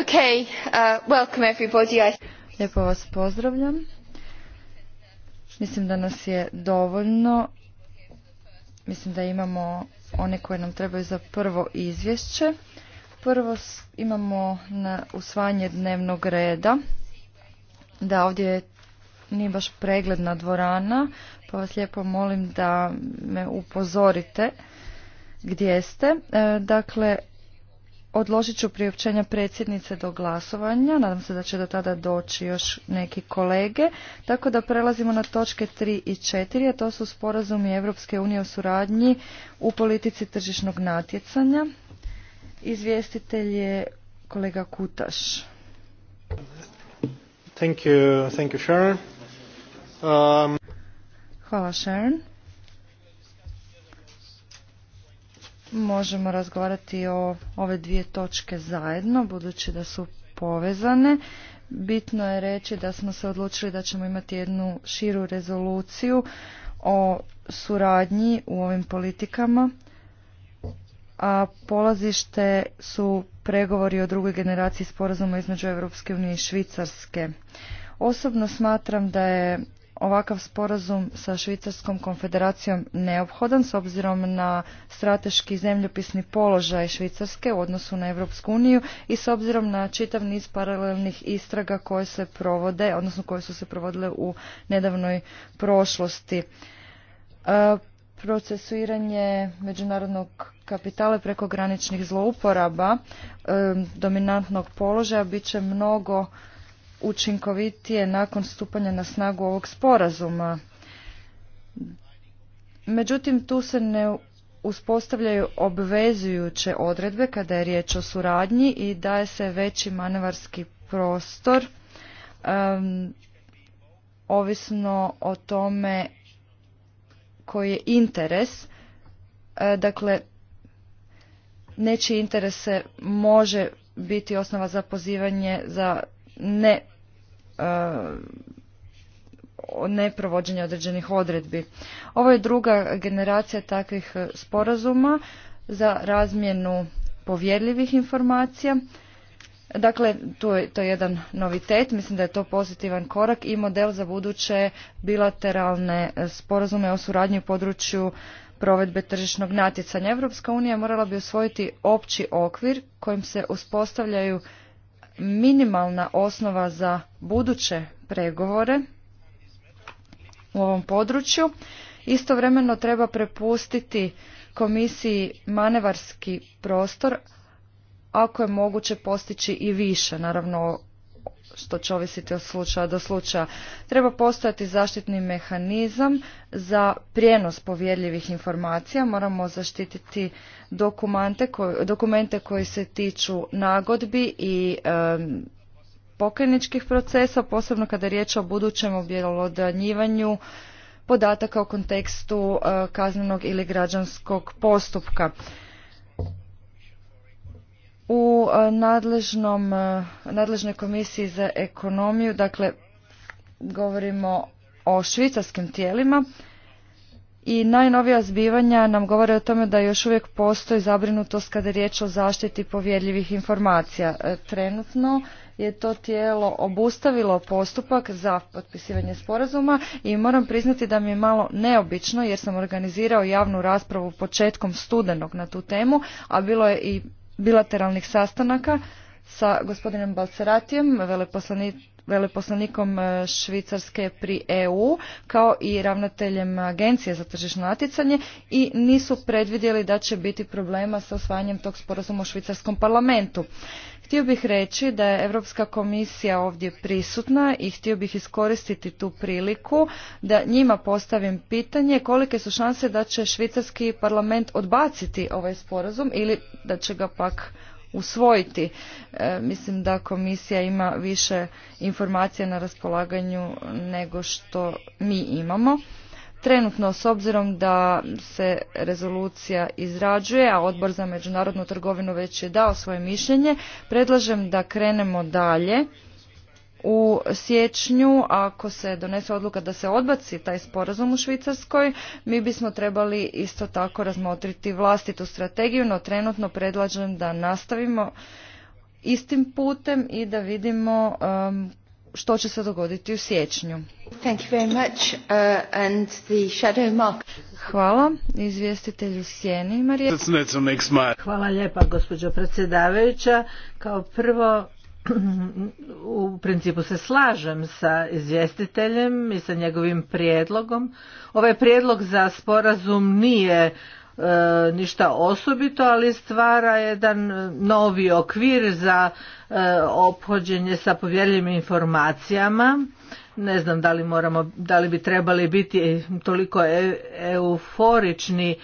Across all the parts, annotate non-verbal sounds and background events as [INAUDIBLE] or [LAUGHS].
Okay, uh, welcome everybody. Lijepo vas pozdravljam. Mislim da nas je dovoljno. Mislim da imamo one koje nam trebaju za prvo izvješće. Prvo imamo na usvajanje dnevnog reda. Da, ovdje nije baš pregledna dvorana, pa vas lijepo molim da me upozorite gdje ste. E, dakle, odložit ću priopćenja predsjednice do glasovanja. Nadam se da će do tada doći još neki kolege. Tako da prelazimo na točke 3 i 4, a to su sporazumi Europske unije o suradnji u politici tržišnog natjecanja. Izvjestitelj je kolega Kutaš. Thank you, thank you Sharon. Um... Hvala Sharon. možemo razgovarati o ove dvije točke zajedno, budući da su povezane. Bitno je reći da smo se odlučili da ćemo imati jednu širu rezoluciju o suradnji u ovim politikama, a polazište su pregovori o drugoj generaciji sporazuma između Europske unije i Švicarske. Osobno smatram da je ovakav sporazum sa Švicarskom konfederacijom neophodan s obzirom na strateški zemljopisni položaj Švicarske u odnosu na Europsku uniju i s obzirom na čitav niz paralelnih istraga koje se provode, odnosno koje su se provodile u nedavnoj prošlosti. E, procesuiranje međunarodnog kapitala preko graničnih zlouporaba e, dominantnog položaja bit će mnogo učinkovitije nakon stupanja na snagu ovog sporazuma. Međutim, tu se ne uspostavljaju obvezujuće odredbe kada je riječ o suradnji i daje se veći manevarski prostor um, ovisno o tome koji je interes. E, dakle, nečiji interese može biti osnova za pozivanje za ne E, neprovođenja određenih odredbi. Ovo je druga generacija takvih e, sporazuma za razmjenu povjerljivih informacija. Dakle, to je, to jedan novitet, mislim da je to pozitivan korak i model za buduće bilateralne e, sporazume o suradnji u području provedbe tržišnog natjecanja. Europska unija morala bi usvojiti opći okvir kojim se uspostavljaju minimalna osnova za buduće pregovore u ovom području. Istovremeno treba prepustiti komisiji manevarski prostor ako je moguće postići i više. Naravno što će ovisiti od slučaja do slučaja. Treba postojati zaštitni mehanizam za prijenos povjerljivih informacija. Moramo zaštititi dokumente koji se tiču nagodbi i e, procesa, posebno kada je riječ o budućem objelodanjivanju podataka u kontekstu eh, kaznenog ili građanskog postupka u e, nadležnom, e, nadležnoj komisiji za ekonomiju, dakle govorimo o švicarskim tijelima i najnovija zbivanja nam govore o tome da još uvijek postoji zabrinutost kada je riječ o zaštiti povjerljivih informacija. E, trenutno je to tijelo obustavilo postupak za potpisivanje sporazuma i moram priznati da mi je malo neobično jer sam organizirao javnu raspravu početkom studenog na tu temu, a bilo je i bilateralnih sastanaka sa gospodinom Balceratijem, veleposlanikom e, Švicarske pri EU, kao i ravnateljem Agencije za tržišno natjecanje i nisu predvidjeli da će biti problema sa osvajanjem tog sporazuma u Švicarskom parlamentu. Htio bih reći da je Europska komisija ovdje prisutna i htio bih iskoristiti tu priliku da njima postavim pitanje kolike su šanse da će švicarski parlament odbaciti ovaj sporazum ili da će ga pak usvojiti. E, mislim da komisija ima više informacija na raspolaganju nego što mi imamo. Trenutno, s obzirom da se rezolucija izrađuje, a Odbor za međunarodnu trgovinu već je dao svoje mišljenje, predlažem da krenemo dalje u siječnju ako se donese odluka da se odbaci taj sporazum u Švicarskoj, mi bismo trebali isto tako razmotriti vlastitu strategiju, no trenutno predlažem da nastavimo istim putem i da vidimo um, što će se dogoditi u siječnju. Uh, Hvala. Izvjestitelju Sjeni Marije. Hvala lijepa gospođo predsjedavajuća. Kao prvo u principu se slažem sa izvjestiteljem i sa njegovim prijedlogom. Ovaj prijedlog za sporazum nije e, ništa osobito, ali stvara jedan novi okvir za e, ophođenje sa povjerljivim informacijama. Ne znam da li moramo, da li bi trebali biti toliko e, euforični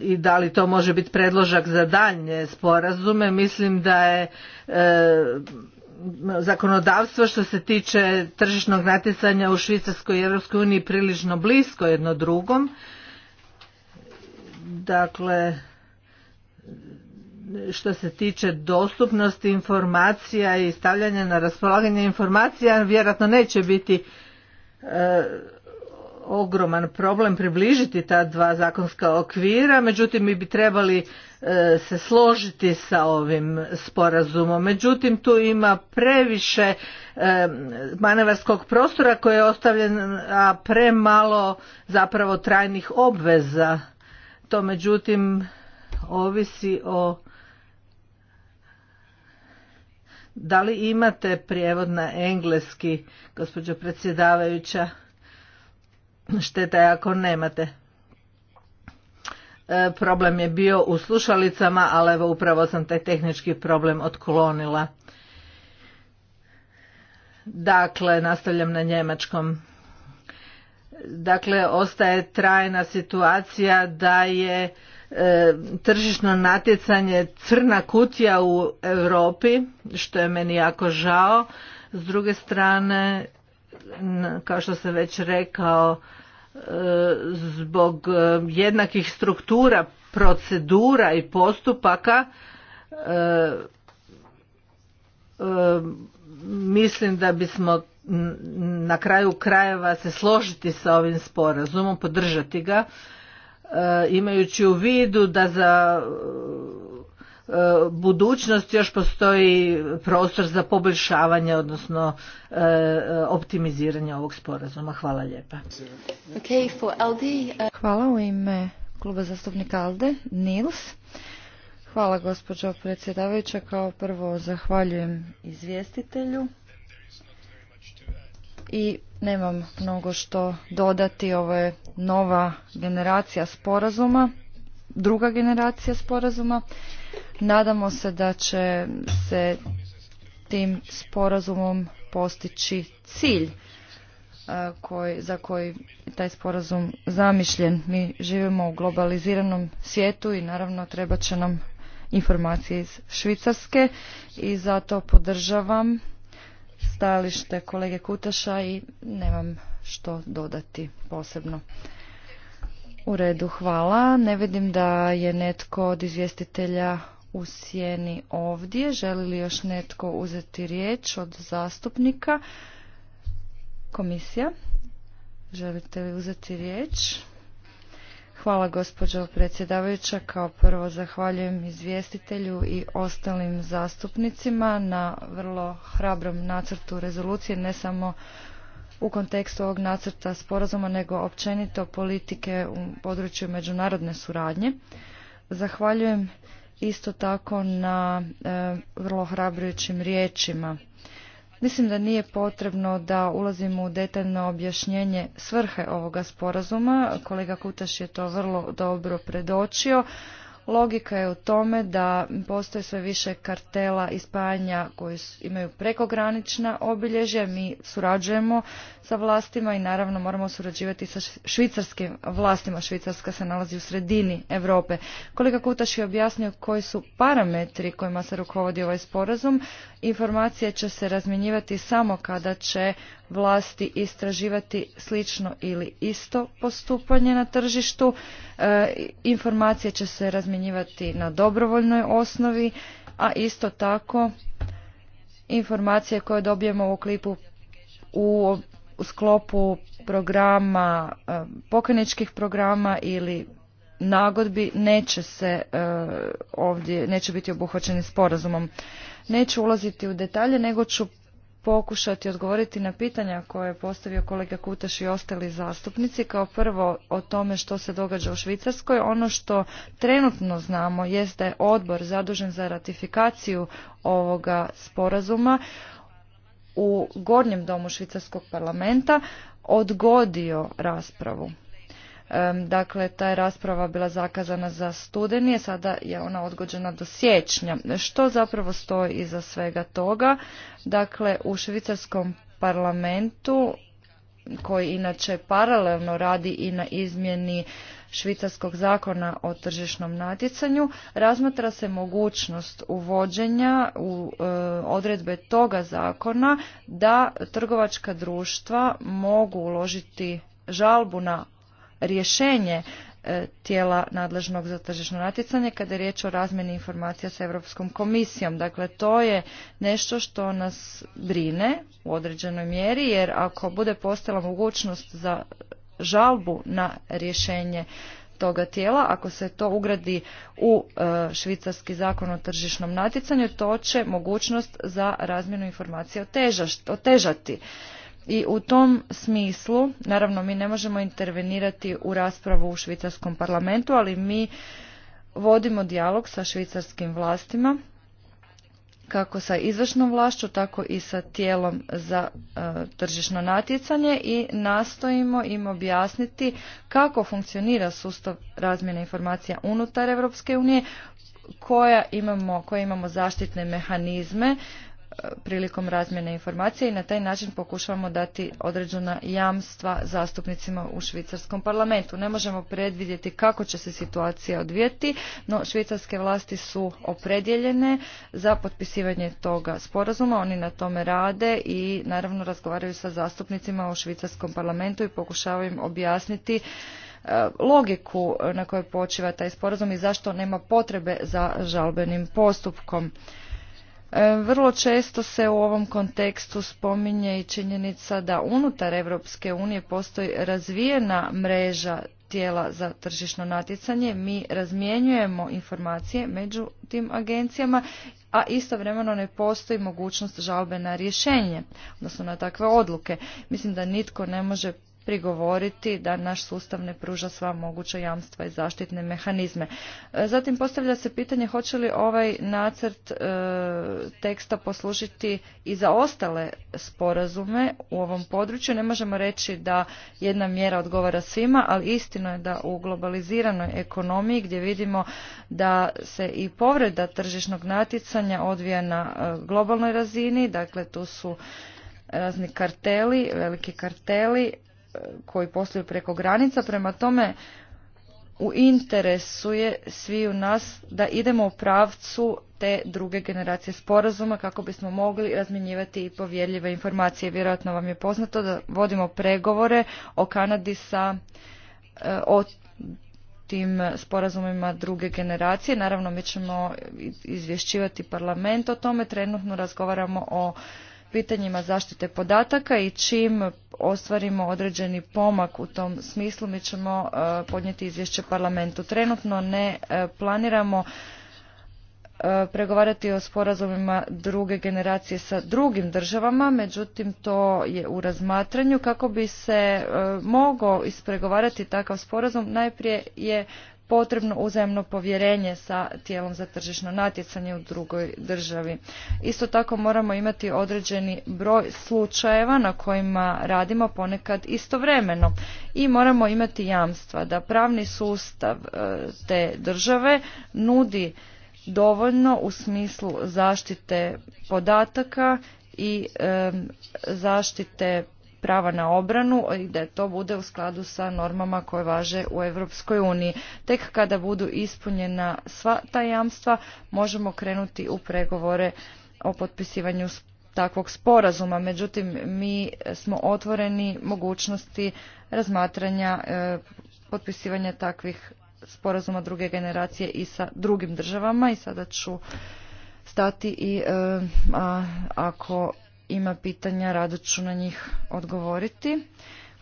i da li to može biti predložak za daljnje sporazume. Mislim da je e, zakonodavstvo što se tiče tržišnog natjecanja u Švicarskoj i Europskoj uniji prilično blisko jedno drugom. Dakle, što se tiče dostupnosti informacija i stavljanja na raspolaganje informacija, vjerojatno neće biti e, ogroman problem približiti ta dva zakonska okvira, međutim mi bi trebali e, se složiti sa ovim sporazumom. Međutim, tu ima previše e, manevarskog prostora koji je ostavljen, a premalo zapravo trajnih obveza. To međutim ovisi o da li imate prijevod na engleski, gospođo predsjedavajuća? šteta je ako nemate. E, problem je bio u slušalicama, ali evo upravo sam taj tehnički problem otklonila. Dakle, nastavljam na njemačkom. Dakle, ostaje trajna situacija da je e, tržišno natjecanje crna kutija u Europi, što je meni jako žao. S druge strane, kao što sam već rekao, zbog e, jednakih struktura, procedura i postupaka e, e, mislim da bismo na kraju krajeva se složiti sa ovim sporazumom, podržati ga, imajući u vidu da za budućnost još postoji prostor za poboljšavanje, odnosno e, e, optimiziranje ovog sporazuma. Hvala lijepa. Uh, Hvala u ime kluba zastupnika Alde, Nils. Hvala gospođo predsjedavajuća. Kao prvo zahvaljujem izvjestitelju i nemam mnogo što dodati. Ovo je nova generacija sporazuma, druga generacija sporazuma Nadamo se da će se tim sporazumom postići cilj e, koji, za koji taj sporazum zamišljen. Mi živimo u globaliziranom svijetu i naravno treba će nam informacije iz Švicarske i zato podržavam stajalište kolege Kutaša i nemam što dodati posebno. U redu, hvala. Ne vidim da je netko od izvjestitelja u sjeni ovdje. Želi li još netko uzeti riječ od zastupnika? Komisija, želite li uzeti riječ? Hvala gospođo predsjedavajuća. Kao prvo zahvaljujem izvjestitelju i ostalim zastupnicima na vrlo hrabrom nacrtu rezolucije, ne samo u kontekstu ovog nacrta sporazuma nego općenito politike u području međunarodne suradnje. Zahvaljujem isto tako na e, vrlo hrabrujućim riječima. Mislim da nije potrebno da ulazimo u detaljno objašnjenje svrhe ovoga sporazuma. Kolega Kutaš je to vrlo dobro predočio. Logika je u tome da postoje sve više kartela i spajanja koji imaju prekogranična obilježja. Mi surađujemo sa vlastima i naravno moramo surađivati sa švicarskim vlastima. Švicarska se nalazi u sredini Europe. Kolega Kutaš je objasnio koji su parametri kojima se rukovodi ovaj sporazum. Informacije će se razmjenjivati samo kada će vlasti istraživati slično ili isto postupanje na tržištu E, informacije će se razmjenjivati na dobrovoljnoj osnovi, a isto tako informacije koje dobijemo u klipu u sklopu programa, e, pokreničkih programa ili nagodbi neće se e, ovdje, neće biti obuhvaćeni sporazumom. Neću ulaziti u detalje, nego ću pokušati odgovoriti na pitanja koje je postavio kolega Kutaš i ostali zastupnici. Kao prvo o tome što se događa u Švicarskoj. Ono što trenutno znamo jest da je odbor zadužen za ratifikaciju ovoga sporazuma u gornjem domu Švicarskog parlamenta odgodio raspravu Dakle, ta je rasprava bila zakazana za studenije, sada je ona odgođena do siječnja. Što zapravo stoji iza svega toga? Dakle, u švicarskom parlamentu koji inače paralelno radi i na izmjeni švicarskog zakona o tržišnom natjecanju razmatra se mogućnost uvođenja u e, odredbe toga zakona da trgovačka društva mogu uložiti žalbu na rješenje e, tijela nadležnog za tržišno natjecanje kada je riječ o razmjeni informacija sa Europskom komisijom. Dakle, to je nešto što nas brine u određenoj mjeri, jer ako bude postala mogućnost za žalbu na rješenje toga tijela, ako se to ugradi u e, švicarski zakon o tržišnom natjecanju, to će mogućnost za razmjenu informacija otežati. I u tom smislu, naravno mi ne možemo intervenirati u raspravu u švicarskom parlamentu, ali mi vodimo dijalog sa švicarskim vlastima, kako sa izvršnom vlašću, tako i sa tijelom za e, tržišno natjecanje i nastojimo im objasniti kako funkcionira sustav razmjene informacija unutar Europske unije, koja imamo, koje imamo zaštitne mehanizme prilikom razmjene informacije i na taj način pokušavamo dati određena jamstva zastupnicima u švicarskom parlamentu. Ne možemo predvidjeti kako će se situacija odvijeti, no švicarske vlasti su opredjeljene za potpisivanje toga sporazuma. Oni na tome rade i naravno razgovaraju sa zastupnicima u švicarskom parlamentu i pokušavaju im objasniti e, logiku na kojoj počiva taj sporazum i zašto nema potrebe za žalbenim postupkom. E, vrlo često se u ovom kontekstu spominje i činjenica da unutar Europske unije postoji razvijena mreža tijela za tržišno natjecanje. Mi razmjenjujemo informacije među tim agencijama, a istovremeno ne postoji mogućnost žalbe na rješenje, odnosno na takve odluke. Mislim da nitko ne može prigovoriti da naš sustav ne pruža sva moguća jamstva i zaštitne mehanizme. E, zatim postavlja se pitanje hoće li ovaj nacrt e, teksta poslužiti i za ostale sporazume u ovom području. Ne možemo reći da jedna mjera odgovara svima, ali istino je da u globaliziranoj ekonomiji gdje vidimo da se i povreda tržišnog natjecanja odvija na e, globalnoj razini, dakle tu su razni karteli, veliki karteli koji posluju preko granica. Prema tome, u interesu je u nas da idemo u pravcu te druge generacije sporazuma kako bismo mogli razmjenjivati i povjerljive informacije. Vjerojatno vam je poznato da vodimo pregovore o Kanadi sa eh, o tim sporazumima druge generacije. Naravno, mi ćemo izvješćivati parlament o tome. Trenutno razgovaramo o pitanjima zaštite podataka i čim ostvarimo određeni pomak u tom smislu mi ćemo e, podnijeti izvješće parlamentu. Trenutno ne e, planiramo e, pregovarati o sporazumima druge generacije sa drugim državama, međutim to je u razmatranju. Kako bi se mogao ispregovarati takav sporazum, najprije je potrebno uzajemno povjerenje sa tijelom za tržišno natjecanje u drugoj državi. Isto tako moramo imati određeni broj slučajeva na kojima radimo ponekad istovremeno i moramo imati jamstva da pravni sustav e, te države nudi dovoljno u smislu zaštite podataka i e, zaštite prava na obranu i da to bude u skladu sa normama koje važe u Europskoj uniji. Tek kada budu ispunjena sva ta jamstva možemo krenuti u pregovore o potpisivanju takvog sporazuma. Međutim, mi smo otvoreni mogućnosti razmatranja e, potpisivanja takvih sporazuma druge generacije i sa drugim državama i sada ću stati i e, ako ima pitanja, rado ću na njih odgovoriti.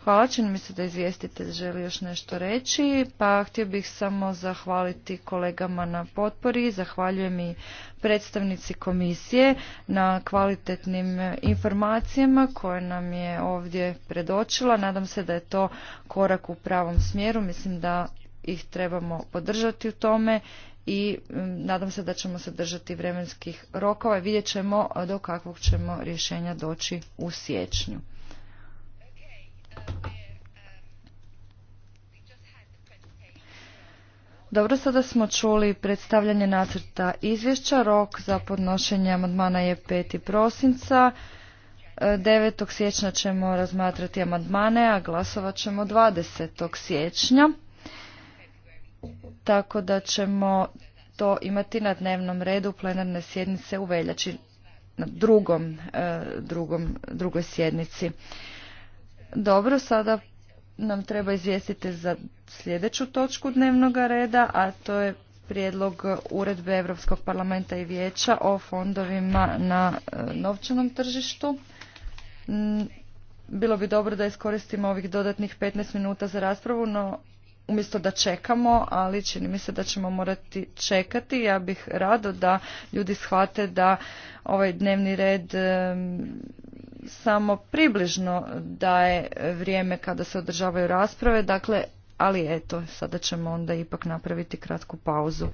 Hvala, čini mi se da izvjestitelj želi još nešto reći, pa htio bih samo zahvaliti kolegama na potpori, zahvaljujem i predstavnici komisije na kvalitetnim informacijama koje nam je ovdje predočila. Nadam se da je to korak u pravom smjeru, mislim da ih trebamo podržati u tome i mm, nadam se da ćemo se držati vremenskih rokova i vidjet ćemo do kakvog ćemo rješenja doći u siječnju. Dobro, sada smo čuli predstavljanje nacrta izvješća. Rok za podnošenje amandmana je 5. prosinca. 9. E, siječnja ćemo razmatrati amandmane, a glasovat ćemo 20. siječnja tako da ćemo to imati na dnevnom redu plenarne sjednice u veljači na drugom, e, drugom, drugoj sjednici. Dobro, sada nam treba izvijestiti za sljedeću točku dnevnog reda, a to je prijedlog uredbe Europskog parlamenta i vijeća o fondovima na e, novčanom tržištu. Bilo bi dobro da iskoristimo ovih dodatnih 15 minuta za raspravu, no umjesto da čekamo, ali čini mi se da ćemo morati čekati. Ja bih rado da ljudi shvate da ovaj dnevni red samo približno daje vrijeme kada se održavaju rasprave, dakle, ali eto, sada ćemo onda ipak napraviti kratku pauzu.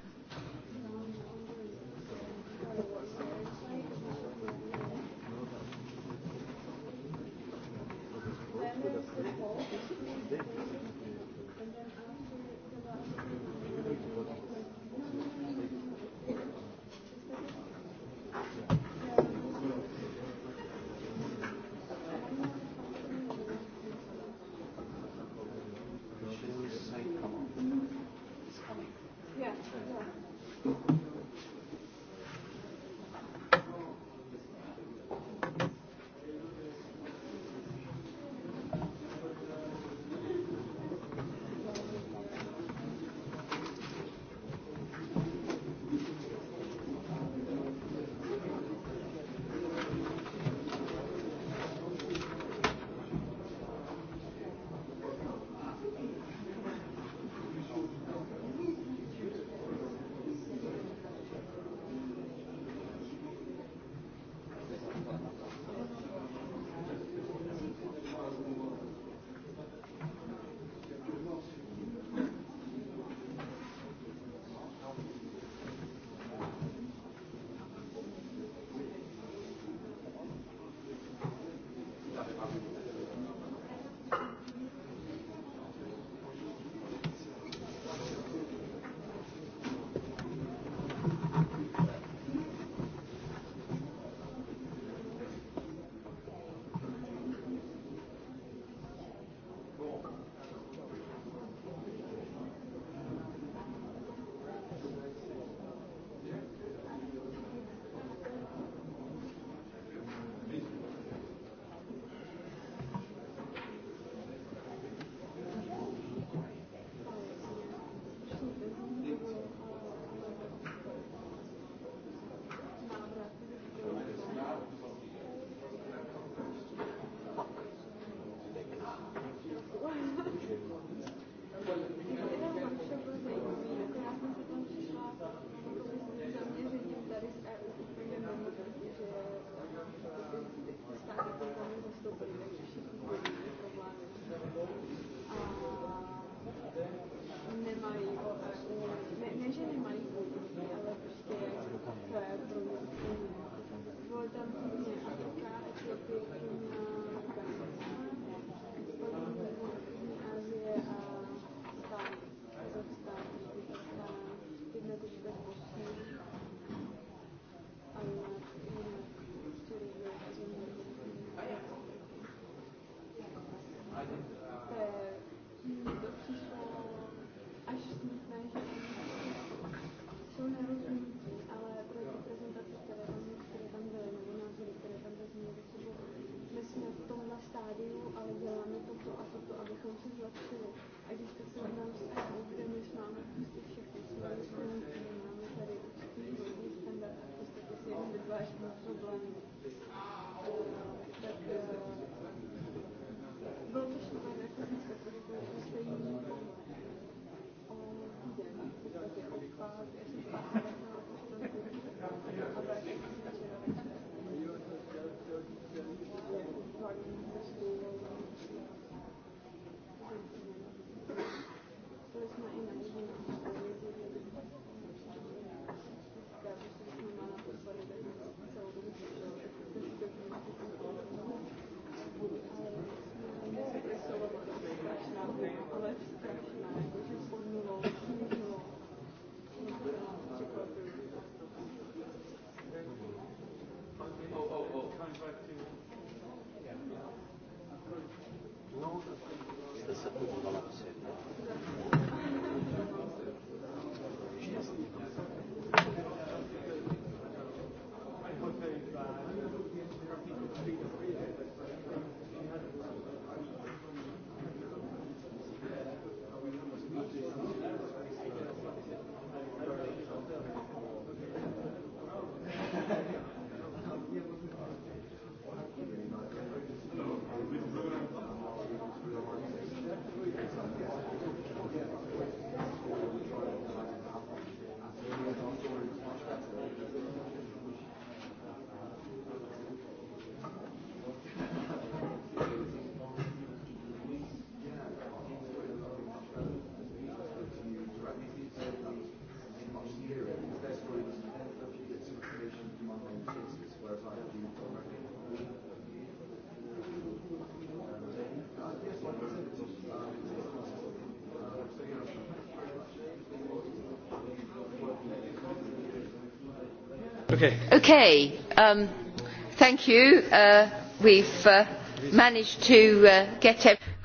Non,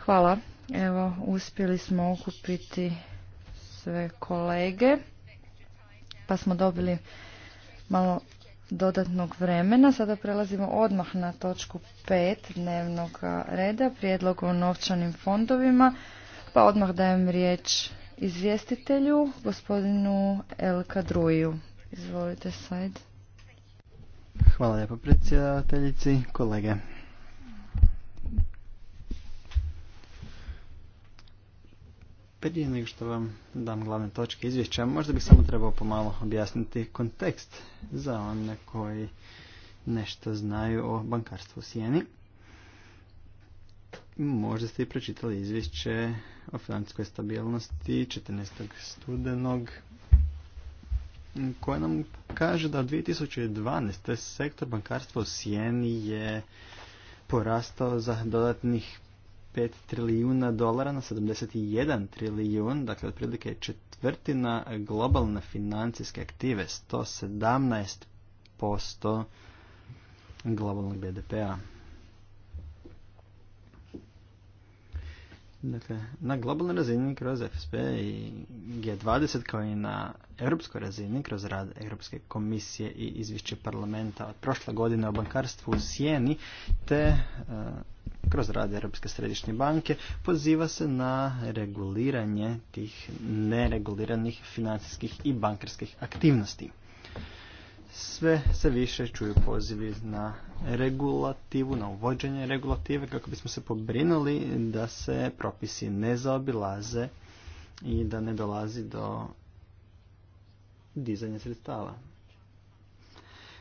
Hvala. Evo, uspjeli smo okupiti sve kolege, pa smo dobili malo dodatnog vremena. Sada prelazimo odmah na točku 5 dnevnog reda, prijedlog o novčanim fondovima, pa odmah dajem riječ izvjestitelju, gospodinu Elka Druju. Izvolite, Sajd. Hvala lijepo predsjedateljici, kolege. Prije nego što vam dam glavne točke izvješća, možda bih samo trebao pomalo objasniti kontekst za one koji nešto znaju o bankarstvu u Sijeni. Možda ste i pročitali izvješće o financijskoj stabilnosti 14. studenog koja nam kaže da 2012. sektor bankarstva u Sijeni je porastao za dodatnih 5 trilijuna dolara na 71 trilijun, dakle otprilike četvrtina globalne financijske aktive, 117% globalnog BDP-a. Dakle, na globalnoj razini kroz FSP i G20 kao i na europskoj razini kroz rad Europske komisije i izvješće parlamenta od prošle godine o bankarstvu u Sjeni te e, kroz rad Europske središnje banke poziva se na reguliranje tih nereguliranih financijskih i bankarskih aktivnosti sve se više čuju pozivi na regulativu, na uvođenje regulative kako bismo se pobrinuli da se propisi ne zaobilaze i da ne dolazi do dizanja sredstava.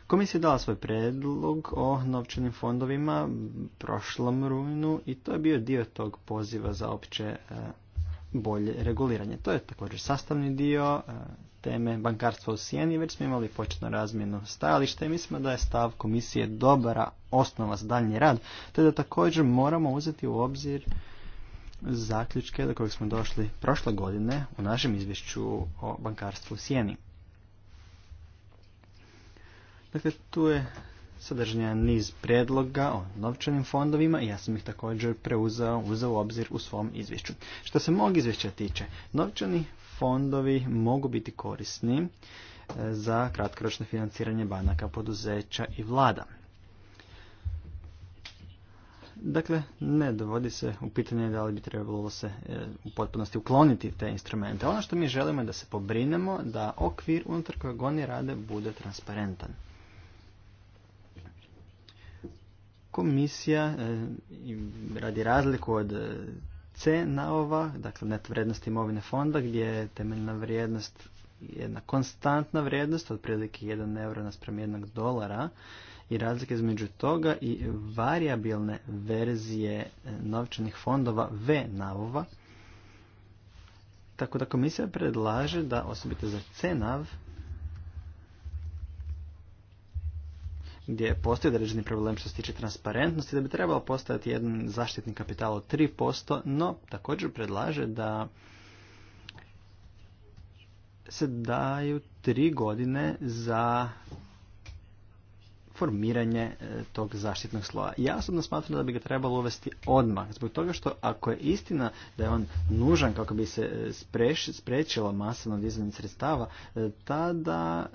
Komisija je dala svoj predlog o novčanim fondovima prošlom rujnu i to je bio dio tog poziva za opće e, bolje reguliranje. To je također sastavni dio e, teme bankarstva u Sijeni, već smo imali početnu razmjenu stajališta i mislimo da je stav komisije dobra osnova za daljnji rad, te da također moramo uzeti u obzir zaključke do kojeg smo došli prošle godine u našem izvješću o bankarstvu u Sijeni. Dakle, tu je sadržanja niz predloga o novčanim fondovima i ja sam ih također preuzeo, uzeo u obzir u svom izvješću. Što se mog izvješća tiče, novčani fondovi mogu biti korisni e, za kratkoročno financiranje banaka, poduzeća i vlada. Dakle, ne dovodi se u pitanje da li bi trebalo se e, u potpunosti ukloniti te instrumente. Ono što mi želimo je da se pobrinemo da okvir unutar kojeg oni rade bude transparentan. Komisija e, radi razliku od C dakle net vrijednost imovine fonda gdje je temeljna vrijednost jedna konstantna vrijednost, otprilike 1 euro naspram 1 dolara i razlika između toga i varijabilne verzije e, novčanih fondova V navova. Tako da komisija predlaže da osobito za CNAV gdje postoji određeni problem što se tiče transparentnosti, da bi trebalo postaviti jedan zaštitni kapital od 3%, no također predlaže da se daju tri godine za formiranje e, tog zaštitnog sloja. Ja osobno smatram da bi ga trebalo uvesti odmah, zbog toga što ako je istina da je on nužan kako bi se e, sprečila masovno dizanje sredstava, e, tada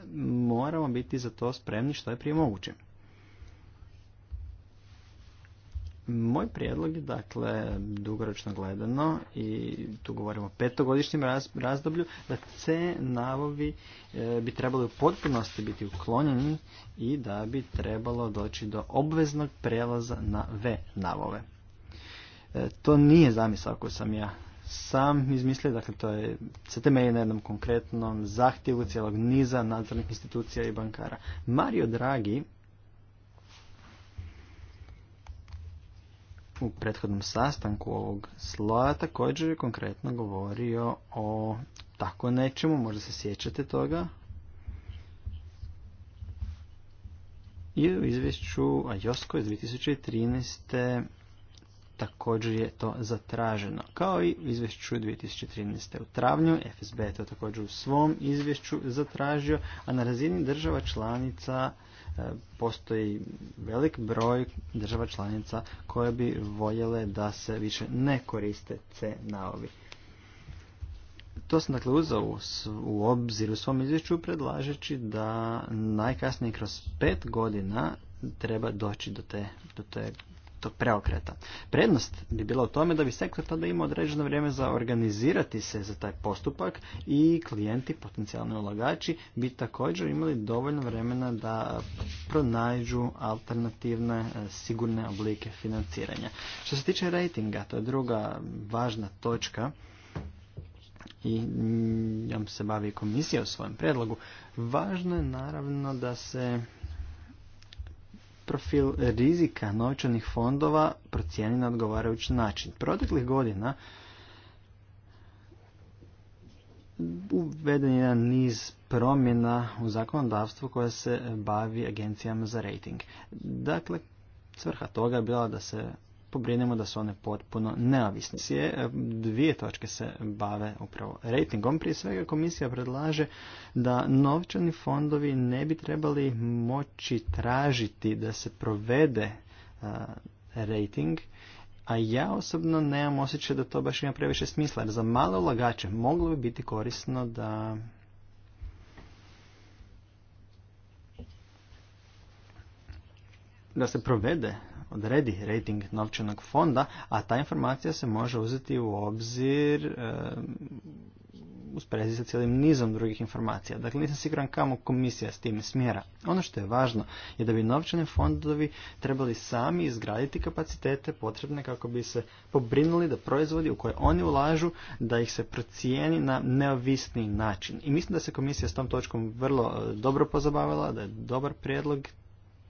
moramo biti za to spremni što je prije moguće. Moj prijedlog je dakle dugoročno gledano i tu govorimo o petogodišnjem razdoblju da C navovi e, bi trebali u potpunosti biti uklonjeni i da bi trebalo doći do obveznog prelaza na V navove. E, to nije zamisao koju sam ja sam izmislio, dakle to je, se temelji na jednom konkretnom zahtjevu cijelog niza nadzornih institucija i bankara. Mario Draghi u prethodnom sastanku ovog sloja također je konkretno govorio o tako nečemu, možda se sjećate toga. I u izvješću Ajosko iz 2013. također je to zatraženo. Kao i u izvješću 2013. u travnju, FSB je to također u svom izvješću zatražio, a na razini država članica E, postoji velik broj država članica koje bi voljele da se više ne koriste C naovi. To sam dakle uzao u, obzir u svom izvješću predlažeći da najkasnije kroz pet godina treba doći do te, do te tog preokreta. Prednost bi bila u tome da bi sektor tada imao određeno vrijeme za organizirati se za taj postupak i klijenti, potencijalni ulagači, bi također imali dovoljno vremena da pronađu alternativne e, sigurne oblike financiranja. Što se tiče ratinga, to je druga važna točka i njom se bavi komisija u svojem predlogu. Važno je naravno da se profil rizika novčanih fondova procijeni na odgovarajući način. Proteklih godina uveden je niz promjena u zakonodavstvu koja se bavi agencijama za rating. Dakle, svrha toga je bila da se pobrinemo da su one potpuno neovisne. E, dvije točke se bave upravo ratingom Prije svega komisija predlaže da novčani fondovi ne bi trebali moći tražiti da se provede e, rating, a ja osobno nemam osjećaj da to baš ima previše smisla, jer za male ulagače moglo bi biti korisno da da se provede odredi rating novčanog fonda, a ta informacija se može uzeti u obzir e, u sa cijelim nizom drugih informacija. Dakle, nisam siguran kamo komisija s time smjera. Ono što je važno je da bi novčani fondovi trebali sami izgraditi kapacitete potrebne kako bi se pobrinuli da proizvodi u koje oni ulažu, da ih se procijeni na neovisni način. I mislim da se komisija s tom točkom vrlo e, dobro pozabavila, da je dobar prijedlog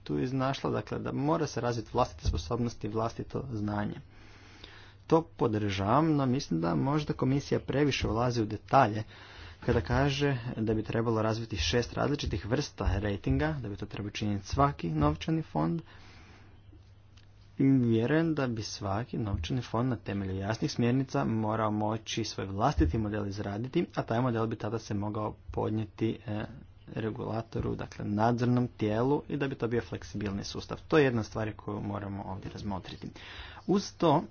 tu iznašla, dakle da mora se razviti vlastite sposobnosti i vlastito znanje. To podržavam, no mislim da možda komisija previše ulazi u detalje kada kaže da bi trebalo razviti šest različitih vrsta ratinga, da bi to trebao činiti svaki novčani fond, Vjerujem da bi svaki novčani fond na temelju jasnih smjernica morao moći svoj vlastiti model izraditi, a taj model bi tada se mogao podnijeti eh, regulatoru, dakle nadzornom tijelu i da bi to bio fleksibilni sustav. To je jedna stvar koju moramo ovdje razmotriti. Uz to,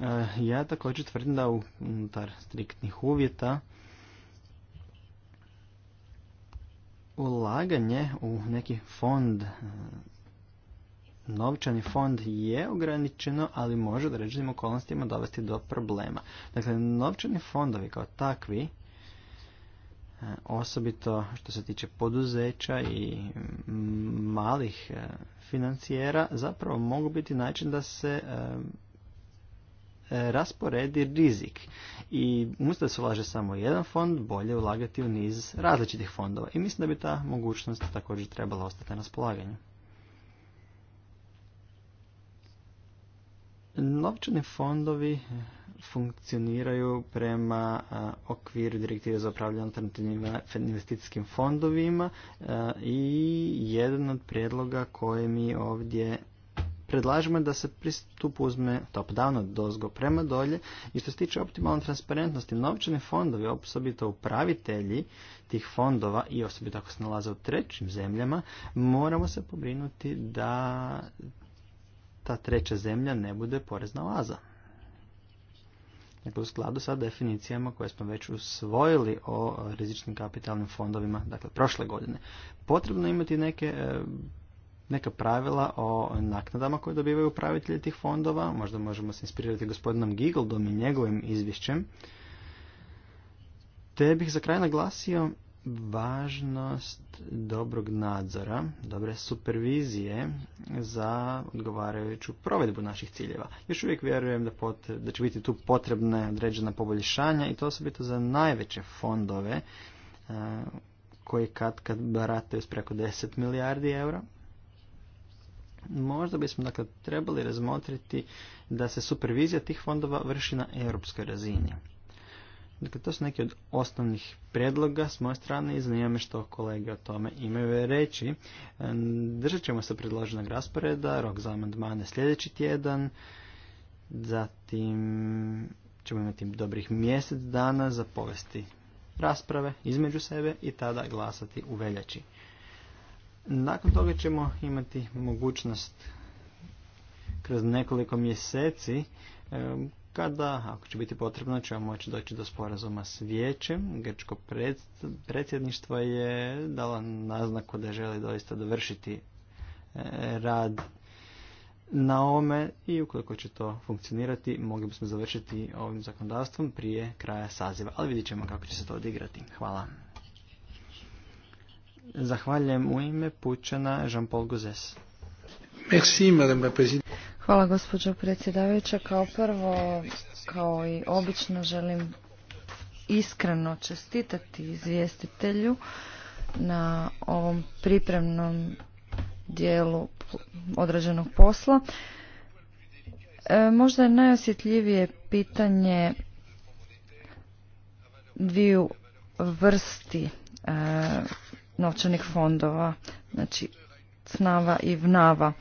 eh, ja također tvrdim da unutar striktnih uvjeta ulaganje u neki fond, eh, novčani fond je ograničeno, ali može u određenim okolnostima dovesti do problema. Dakle, novčani fondovi kao takvi E, osobito što se tiče poduzeća i malih e, financijera zapravo mogu biti način da se e, rasporedi rizik. I umjesto da se ulaže samo jedan fond, bolje ulagati u niz različitih fondova. I mislim da bi ta mogućnost također trebala ostati na raspolaganju. Novčani fondovi funkcioniraju prema okviru direktive za upravljanje alternativnim investicijskim fondovima i jedan od prijedloga koje mi ovdje predlažemo da se pristup uzme top down od dozgo prema dolje i što se tiče optimalne transparentnosti novčani fondovi, osobito upravitelji tih fondova i osobito ako se nalaze u trećim zemljama, moramo se pobrinuti da ta treća zemlja ne bude porezna oaza. Dakle, u skladu sa definicijama koje smo već usvojili o rizičnim kapitalnim fondovima, dakle, prošle godine. Potrebno je imati neke e, neka pravila o naknadama koje dobivaju upravitelji tih fondova. Možda možemo se inspirirati gospodinom Gigoldom i njegovim izvješćem. Te bih za kraj naglasio važnost dobrog nadzora, dobre supervizije za odgovarajuću provedbu naših ciljeva. Još uvijek vjerujem da, da će biti tu potrebne određena poboljšanja i to osobito za najveće fondove eh, koji kad kad barataju s preko 10 milijardi eura. Možda bismo dakle trebali razmotriti da se supervizija tih fondova vrši na europskoj razini. Dakle, to su neki od osnovnih predloga s moje strane i zanima me što kolege o tome imaju reći. E, držat ćemo se predloženog rasporeda, rok za amandmane sljedeći tjedan, zatim ćemo imati dobrih mjesec dana za povesti rasprave između sebe i tada glasati u veljači. Nakon toga ćemo imati mogućnost kroz nekoliko mjeseci e, kada, ako će biti potrebno, ćemo moći doći do sporazuma s vijećem. Grčko predsjedništvo je dala naznaku da želi doista dovršiti e, rad na ovome i ukoliko će to funkcionirati, mogli bismo završiti ovim zakonodavstvom prije kraja saziva, ali vidjet ćemo kako će se to odigrati. Hvala. Zahvaljujem u ime Pučana Jean-Paul Gouzes. Merci, madame Hvala gospođo predsjedavajuća. Kao prvo, kao i obično, želim iskreno čestitati izvjestitelju na ovom pripremnom dijelu odrađenog posla. E, možda je najosjetljivije pitanje dviju vrsti e, novčanih fondova, znači snava i vnava.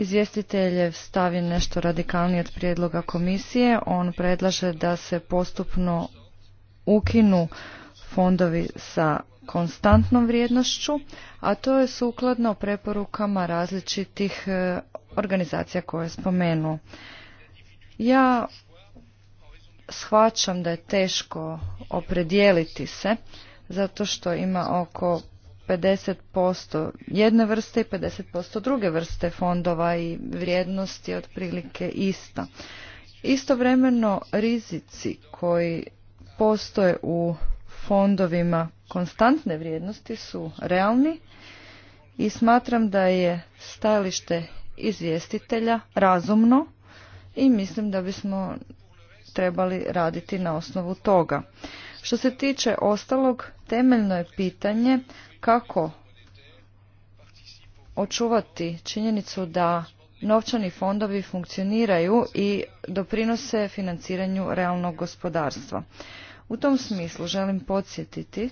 Izvjestitelj stavi nešto radikalnije od prijedloga komisije. On predlaže da se postupno ukinu fondovi sa konstantnom vrijednošću, a to je sukladno preporukama različitih e, organizacija koje je spomenuo. Ja shvaćam da je teško opredijeliti se, zato što ima oko 50% jedne vrste i 50% druge vrste fondova i vrijednost je otprilike ista. Istovremeno rizici koji postoje u fondovima konstantne vrijednosti su realni i smatram da je stajalište izvjestitelja razumno i mislim da bismo trebali raditi na osnovu toga. Što se tiče ostalog, temeljno je pitanje kako očuvati činjenicu da novčani fondovi funkcioniraju i doprinose financiranju realnog gospodarstva. U tom smislu želim podsjetiti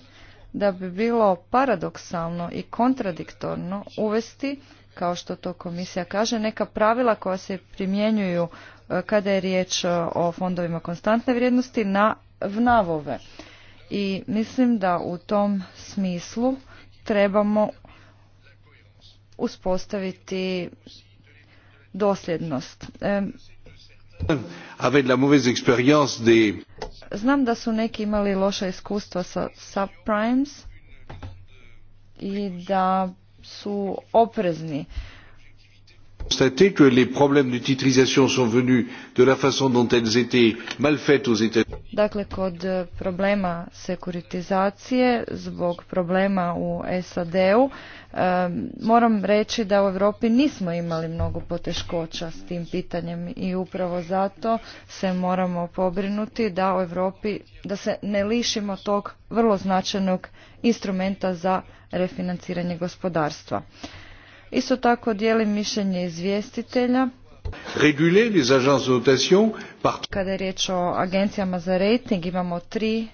da bi bilo paradoksalno i kontradiktorno uvesti, kao što to komisija kaže, neka pravila koja se primjenjuju e, kada je riječ e, o fondovima konstantne vrijednosti na vnavove. I mislim da u tom smislu trebamo uspostaviti dosljednost. Znam da su neki imali loša iskustva sa subprimes i da su oprezni les problèmes de titrisation sont venus de la façon dont elles étaient mal faites aux états Dakle, kod eh, problema sekuritizacije zbog problema u SAD-u eh, moram reći da u Europi nismo imali mnogo poteškoća s tim pitanjem i upravo zato se moramo pobrinuti da u Europi da se ne lišimo tog vrlo značajnog instrumenta za refinanciranje gospodarstva. Isto tako dijelim mišljenje izvjestitelja kada je riječ o agencijama za rejting imamo tri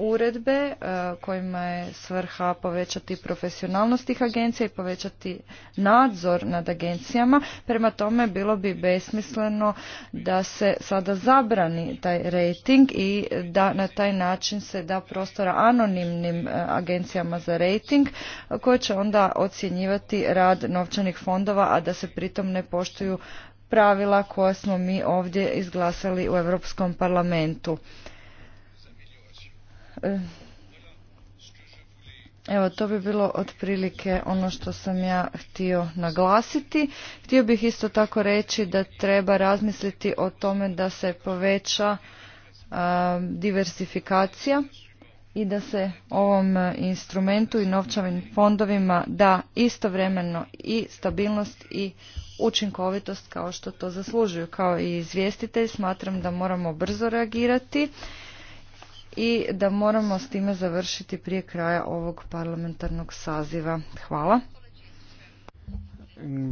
uredbe e, kojima je svrha povećati profesionalnost tih agencija i povećati nadzor nad agencijama. Prema tome bilo bi besmisleno da se sada zabrani taj rating i da na taj način se da prostora anonimnim e, agencijama za rating koje će onda ocjenjivati rad novčanih fondova, a da se pritom ne poštuju pravila koja smo mi ovdje izglasali u Europskom parlamentu. Eh, evo, to bi bilo otprilike ono što sam ja htio naglasiti. Htio bih isto tako reći da treba razmisliti o tome da se poveća eh, diversifikacija i da se ovom eh, instrumentu i novčanim fondovima da istovremeno i stabilnost i učinkovitost kao što to zaslužuju. Kao i izvjestitelj smatram da moramo brzo reagirati i da moramo s time završiti prije kraja ovog parlamentarnog saziva. Hvala.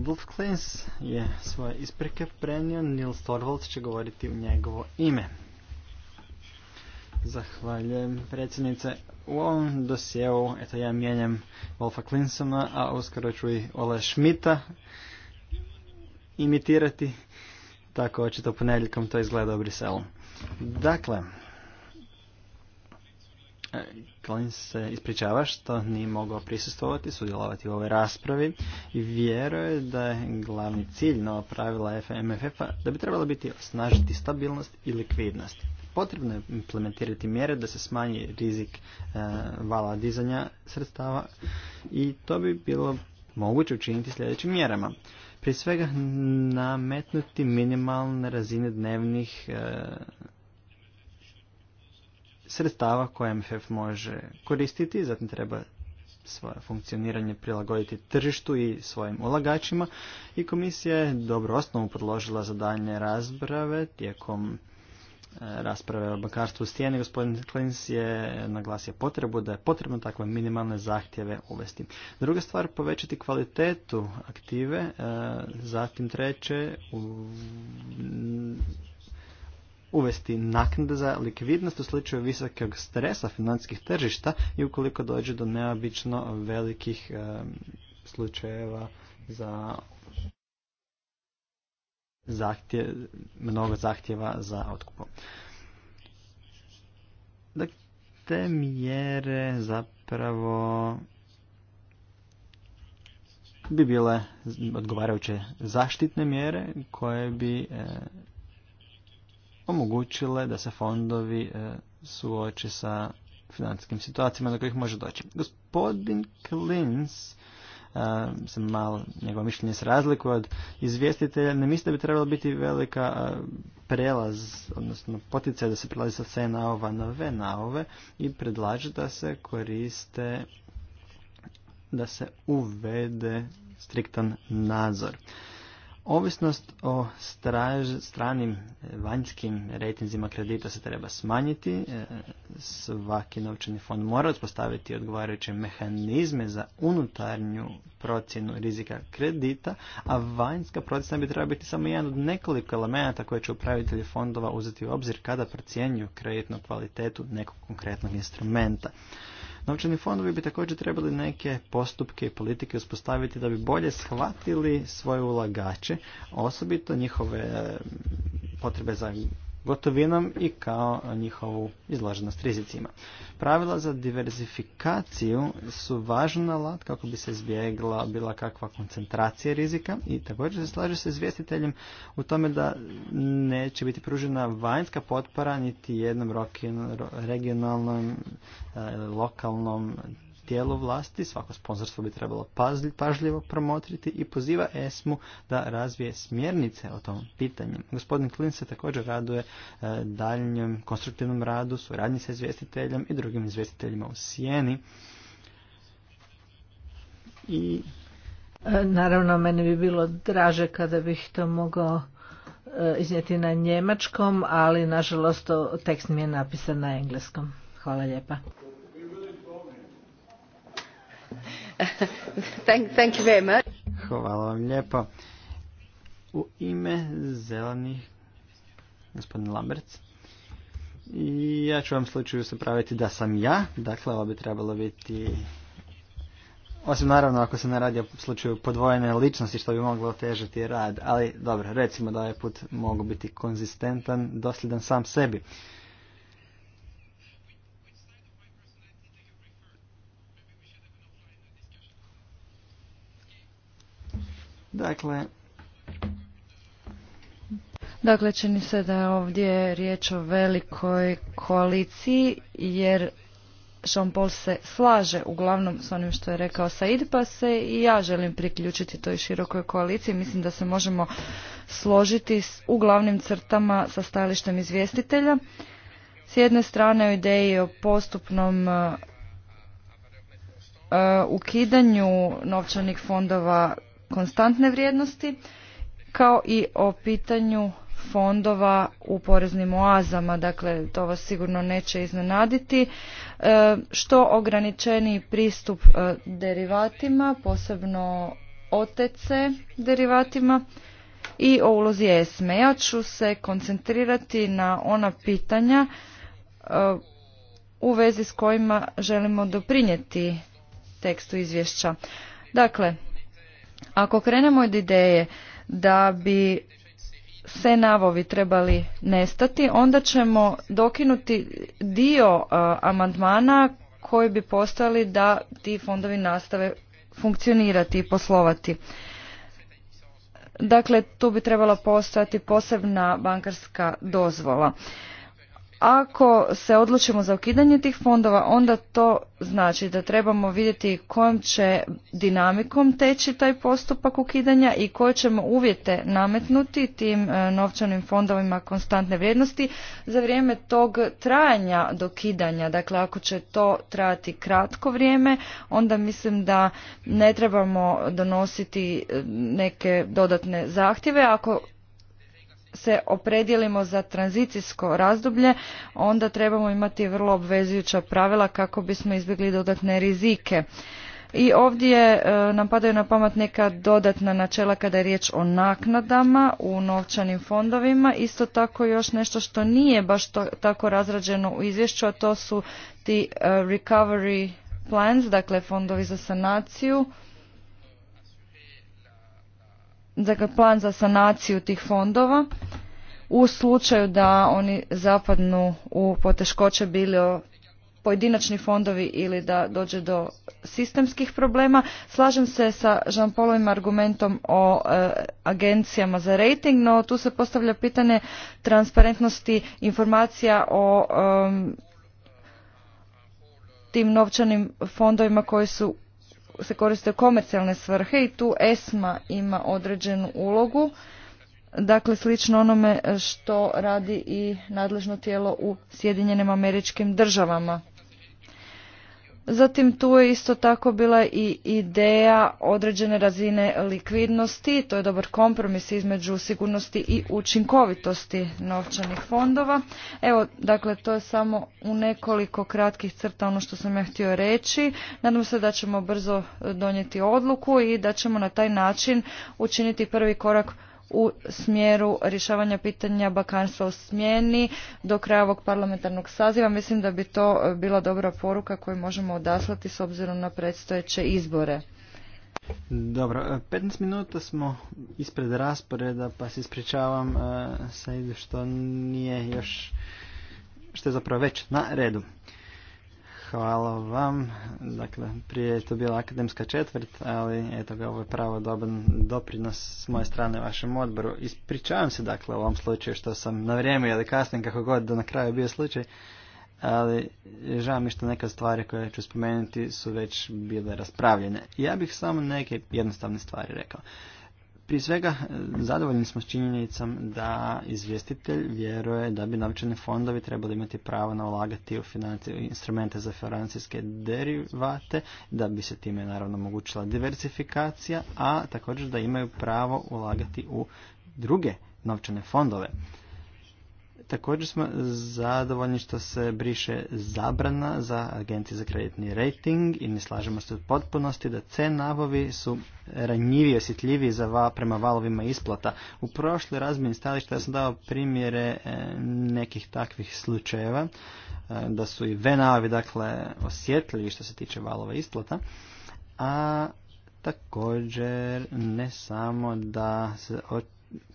Wolf Klins je svoje isprike prenio, Nils Torvalds će govoriti u njegovo ime. Zahvaljujem predsjednice. U ovom dosjeu, eto ja mijenjam Wolfa Klinsona, a uskoro ću i Ola Schmidta imitirati. Tako očito ponedjeljkom to izgleda u Briselu. Dakle, Klin e, se ispričava što nije mogao prisustovati, sudjelovati u ovoj raspravi i vjeruje da je glavni cilj nova pravila FMFF-a da bi trebalo biti osnažiti stabilnost i likvidnost. Potrebno je implementirati mjere da se smanji rizik e, vala dizanja sredstava i to bi bilo moguće učiniti sljedećim mjerama. Prije svega nametnuti minimalne razine dnevnih e, sredstava koje MFF može koristiti, zatim treba svoje funkcioniranje prilagoditi tržištu i svojim ulagačima i komisija je dobro osnovu predložila za daljnje rasprave tijekom e, rasprave o bankarstvu u stijeni. Gospodin Klins je naglasio potrebu da je potrebno takve minimalne zahtjeve uvesti. Druga stvar, povećati kvalitetu aktive, e, zatim treće, uvesti naknade za likvidnost u slučaju visokog stresa financijskih tržišta i ukoliko dođe do neobično velikih eh, slučajeva za mnogo zahtjeva za otkupom. Dakle, te mjere zapravo bi bile odgovarajuće zaštitne mjere koje bi eh, omogućile da se fondovi e, suoče sa financijskim situacijama do kojih može doći. Gospodin Klins e, sam malo njegovo mišljenje se razlikuje od izvjestitelja, ne misli da bi trebalo biti velika e, prelaz, odnosno poticaj da se prelazi sa C na ova na V na i predlaže da se koriste da se uvede striktan nadzor. Ovisnost o straž, stranim e, vanjskim rejtinzima kredita se treba smanjiti. E, svaki novčani fond mora uspostaviti odgovarajuće mehanizme za unutarnju procjenu rizika kredita, a vanjska procjena bi trebala biti samo jedan od nekoliko elemenata koje će upravitelji fondova uzeti u obzir kada procjenjuju kreditnu kvalitetu nekog konkretnog instrumenta. Novčani fondovi bi također trebali neke postupke i politike uspostaviti da bi bolje shvatili svoje ulagače, osobito njihove e, potrebe za gotovinom i kao njihovu izloženost rizicima. Pravila za diversifikaciju su važna lat kako bi se izbjegla bila kakva koncentracija rizika i također se slaže sa izvjestiteljem u tome da neće biti pružena vanjska potpora niti jednom regionalnom, e, lokalnom tijelo vlasti, svako sponzorstvo bi trebalo pažljivo promotriti i poziva ESMU da razvije smjernice o tom pitanju. Gospodin Klin se također raduje e, daljnjem konstruktivnom radu, suradnji sa izvjestiteljem i drugim izvjestiteljima u Sijeni. I... E, naravno, meni bi bilo draže kada bih to mogao e, iznijeti na njemačkom, ali nažalost tekst mi je napisan na engleskom. Hvala lijepa. [LAUGHS] thank, thank you very much. Hvala vam lijepo. U ime zelenih, gospodin Lamberts. I ja ću vam slučaju se praviti da sam ja, dakle ovo bi trebalo biti, osim naravno ako se ne radi o slučaju podvojene ličnosti što bi moglo otežati rad, ali dobro, recimo da ovaj put mogu biti konzistentan, dosljedan sam sebi. Dakle, Dakle, čini se da je ovdje riječ o velikoj koaliciji, jer Jean-Paul se slaže uglavnom s onim što je rekao Said, pa se i ja želim priključiti toj širokoj koaliciji. Mislim da se možemo složiti s, u glavnim crtama sa stajalištem izvjestitelja. S jedne strane o ideji o postupnom e, e, ukidanju novčanih fondova konstantne vrijednosti, kao i o pitanju fondova u poreznim oazama, dakle to vas sigurno neće iznenaditi, e, što ograničeni pristup e, derivatima, posebno OTC derivatima i o ulozi ESME. E. Ja ću se koncentrirati na ona pitanja u vezi s kojima želimo doprinijeti tekstu izvješća. Dakle, ako krenemo od ideje da bi se navovi trebali nestati, onda ćemo dokinuti dio e, amandmana koji bi postali da ti fondovi nastave funkcionirati i poslovati. Dakle, tu bi trebala postojati posebna bankarska dozvola. Ako se odlučimo za ukidanje tih fondova, onda to znači da trebamo vidjeti kojom će dinamikom teći taj postupak ukidanja i koje ćemo uvjete nametnuti tim e, novčanim fondovima konstantne vrijednosti za vrijeme tog trajanja dokidanja. Dakle, ako će to trajati kratko vrijeme, onda mislim da ne trebamo donositi e, neke dodatne zahtjeve. Ako se opredijelimo za tranzicijsko razdoblje, onda trebamo imati vrlo obvezujuća pravila kako bismo izbjegli dodatne rizike. I ovdje e, nam padaju na pamet neka dodatna načela kada je riječ o naknadama u novčanim fondovima. Isto tako još nešto što nije baš tako razrađeno u izvješću, a to su ti e, recovery plans, dakle fondovi za sanaciju dakle, plan za sanaciju tih fondova u slučaju da oni zapadnu u poteškoće bili pojedinačni fondovi ili da dođe do sistemskih problema. Slažem se sa Jean-Paulovim argumentom o e, agencijama za rating, no tu se postavlja pitanje transparentnosti informacija o e, tim novčanim fondovima koji su se koriste u komercijalne svrhe i tu ESMA ima određenu ulogu, dakle slično onome što radi i nadležno tijelo u Sjedinjenim američkim državama. Zatim tu je isto tako bila i ideja određene razine likvidnosti, to je dobar kompromis između sigurnosti i učinkovitosti novčanih fondova. Evo, dakle, to je samo u nekoliko kratkih crta ono što sam ja htio reći. Nadam se da ćemo brzo donijeti odluku i da ćemo na taj način učiniti prvi korak u smjeru rješavanja pitanja bakanstva u smjeni do kraja ovog parlamentarnog saziva. Mislim da bi to e, bila dobra poruka koju možemo odaslati s obzirom na predstojeće izbore. Dobro, 15 e, minuta smo ispred rasporeda pa se ispričavam e, sa što nije još, što je zapravo već na redu. Hvala vam. Dakle, prije je to bila akademska četvrt, ali eto ga, ovo je pravo doban doprinos s moje strane vašem odboru. Ispričavam se dakle u ovom slučaju što sam na vrijeme ili kasnije kako god da na kraju bio slučaj, ali žao mi što neke stvari koje ću spomenuti su već bile raspravljene. Ja bih samo neke jednostavne stvari rekao. Prije svega, e, zadovoljni smo s činjenicom da izvjestitelj vjeruje da bi novčani fondovi trebali imati pravo na ulagati u instrumente za financijske derivate, da bi se time naravno omogućila diversifikacija, a također da imaju pravo ulagati u druge novčane fondove. Također smo zadovoljni što se briše zabrana za agencije za kreditni rating i ne slažemo se u potpunosti da C nabovi su ranjiviji, osjetljiviji za va, prema valovima isplata. U prošloj razmjeni stališta ja sam dao primjere e, nekih takvih slučajeva e, da su i V nabovi dakle osjetljivi što se tiče valova isplata, a također ne samo da se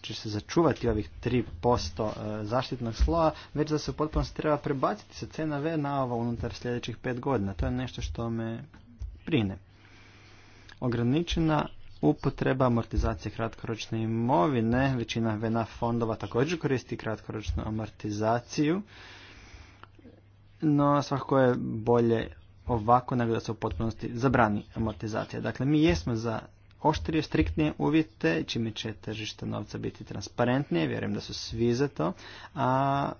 će se začuvati ovih 3% e, zaštitnog slova, već da se u potpunosti treba prebaciti sa CNV na ovo unutar sljedećih 5 godina. To je nešto što me brine. Ograničena upotreba amortizacije kratkoročne imovine, većina VNA fondova također koristi kratkoročnu amortizaciju, no svako je bolje ovako nego da se u potpunosti zabrani amortizacija. Dakle, mi jesmo za oštrije, striktnije uvjete, čime će tržište novca biti transparentnije, vjerujem da su svi za to, a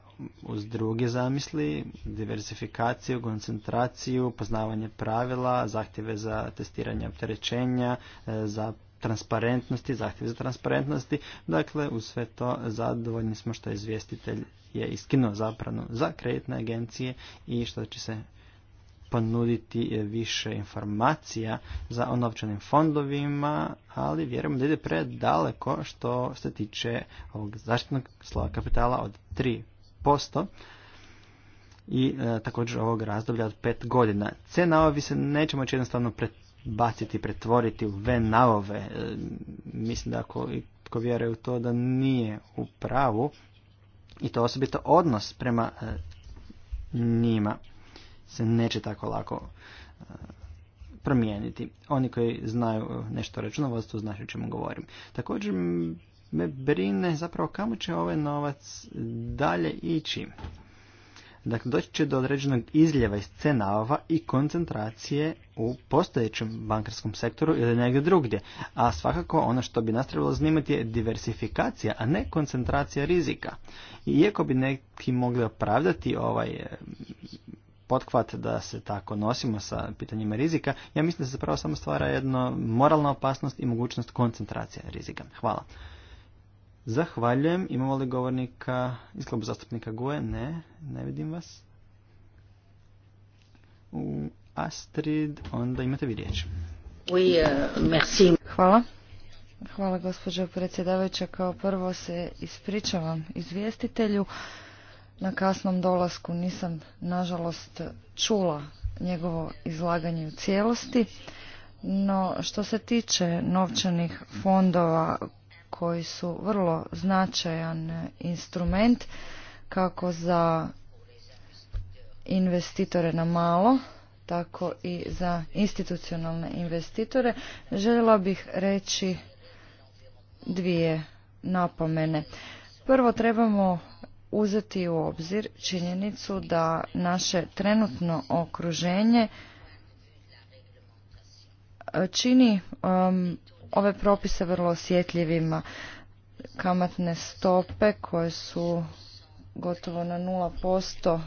uz druge zamisli, diversifikaciju, koncentraciju, poznavanje pravila, zahtjeve za testiranje opterećenja, e, za transparentnosti, zahtjeve za transparentnosti. Dakle, uz sve to zadovoljni smo što je izvjestitelj je iskinuo zapranu za kreditne agencije i što će se ponuditi e, više informacija za o novčanim fondovima, ali vjerujem da ide predaleko što se tiče ovog zaštitnog slova kapitala od 3% i e, također ovog razdoblja od 5 godina. c naovi se neće moći jednostavno baciti, pretvoriti u V-navove. E, mislim da ako tko vjeruje u to da nije u pravu i to osobito odnos prema e, njima se neće tako lako e, promijeniti. Oni koji znaju e, nešto o računovodstvu znaju o čemu govorim. Također me brine zapravo kamo će ovaj novac dalje ići. Dakle, doći će do određenog izljeva iz cenava i koncentracije u postojećem bankarskom sektoru ili negdje drugdje. A svakako ono što bi nas trebalo zanimati je diversifikacija, a ne koncentracija rizika. Iako bi neki mogli opravdati ovaj e, potkvat da se tako nosimo sa pitanjima rizika, ja mislim da se zapravo samo stvara jedna moralna opasnost i mogućnost koncentracije rizika. Hvala. Zahvaljujem. Imamo li govornika iz klubu zastupnika GUE? Ne, ne vidim vas. U Astrid, onda imate vi riječ. Euh, Hvala. Hvala gospođo predsjedavajuća. Kao prvo se ispričavam izvjestitelju na kasnom dolasku nisam nažalost čula njegovo izlaganje u cijelosti. No što se tiče novčanih fondova koji su vrlo značajan instrument kako za investitore na malo, tako i za institucionalne investitore, željela bih reći dvije napomene. Prvo trebamo uzeti u obzir činjenicu da naše trenutno okruženje e, čini ove propise vrlo osjetljivima. Kamatne stope koje su gotovo na 0% posto e,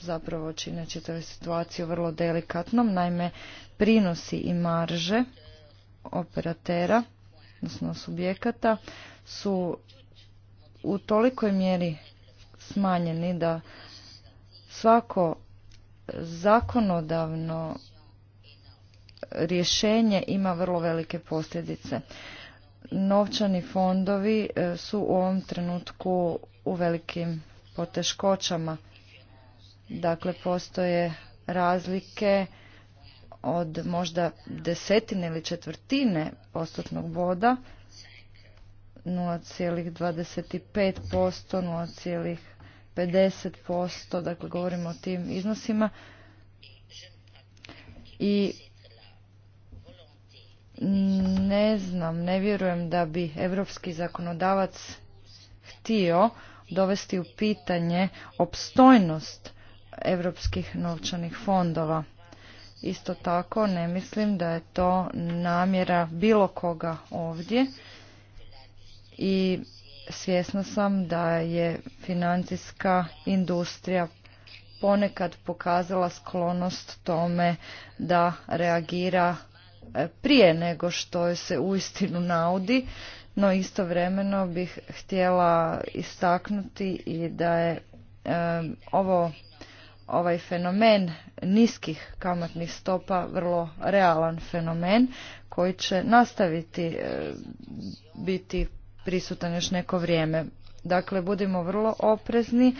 zapravo čine čitavu situaciju vrlo delikatnom. Naime, prinosi i marže operatera, odnosno subjekata, su u tolikoj mjeri smanjeni, da svako zakonodavno rješenje ima vrlo velike posljedice. Novčani fondovi e, su u ovom trenutku u velikim poteškoćama. Dakle, postoje razlike od možda desetine ili četvrtine postotnog boda, 0,25%, 0,25%, 50%, dakle govorimo o tim iznosima. I ne znam, ne vjerujem da bi europski zakonodavac htio dovesti u pitanje opstojnost europskih novčanih fondova. Isto tako ne mislim da je to namjera bilo koga ovdje i svjesna sam da je financijska industrija ponekad pokazala sklonost tome da reagira e, prije nego što je se uistinu naudi, no istovremeno bih htjela istaknuti i da je e, ovo ovaj fenomen niskih kamatnih stopa vrlo realan fenomen koji će nastaviti e, biti prisutan još neko vrijeme. Dakle, budimo vrlo oprezni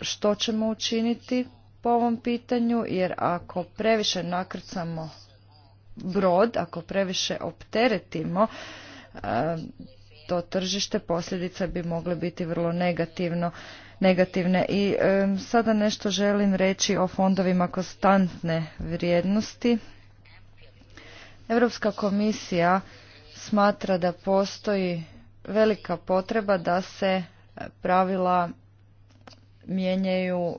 što ćemo učiniti po ovom pitanju, jer ako previše nakrcamo brod, ako previše opteretimo e, to tržište, posljedice bi mogle biti vrlo negativno negativne. I e, sada nešto želim reći o fondovima konstantne vrijednosti. Europska komisija smatra da postoji velika potreba da se pravila mijenjaju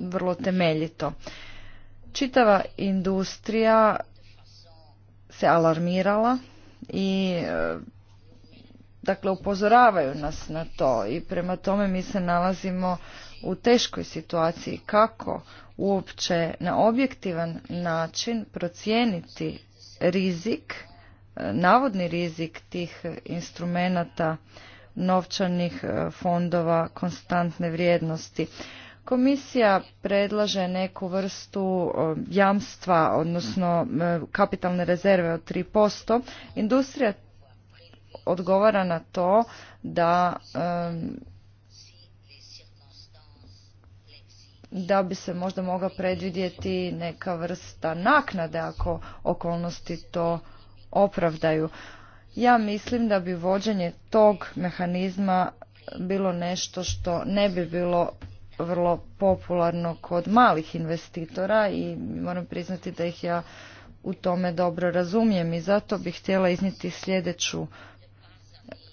vrlo temeljito. Čitava industrija se alarmirala i e, dakle upozoravaju nas na to i prema tome mi se nalazimo u teškoj situaciji kako uopće na objektivan način procijeniti rizik navodni rizik tih instrumenata novčanih e, fondova konstantne vrijednosti. Komisija predlaže neku vrstu e, jamstva, odnosno e, kapitalne rezerve od 3%. Industrija odgovara na to da da bi se možda mogla predvidjeti neka vrsta naknade ako okolnosti to opravdaju. Ja mislim da bi vođenje tog mehanizma bilo nešto što ne bi bilo vrlo popularno kod malih investitora i moram priznati da ih ja u tome dobro razumijem i zato bih htjela izniti sljedeću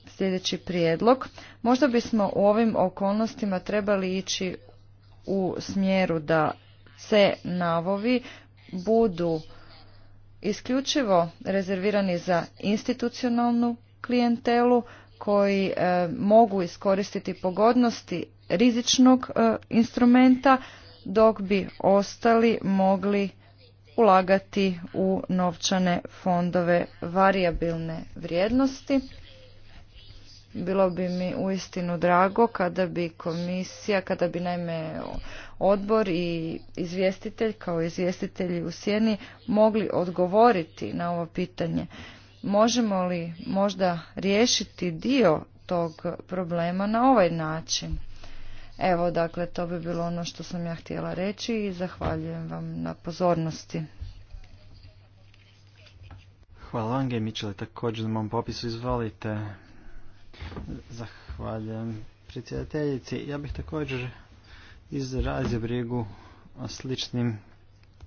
sljedeći prijedlog. Možda bismo u ovim okolnostima trebali ići u smjeru da se navovi budu isključivo rezervirani za institucionalnu klijentelu koji e, mogu iskoristiti pogodnosti rizičnog e, instrumenta dok bi ostali mogli ulagati u novčane fondove varijabilne vrijednosti bilo bi mi uistinu drago kada bi komisija, kada bi naime odbor i izvjestitelj kao izvjestitelji u sjeni mogli odgovoriti na ovo pitanje. Možemo li možda riješiti dio tog problema na ovaj način? Evo, dakle, to bi bilo ono što sam ja htjela reći i zahvaljujem vam na pozornosti. Hvala vam, također na mom popisu izvolite. Zahvaljujem predsjedateljici. Ja bih također izrazio brigu o sličnim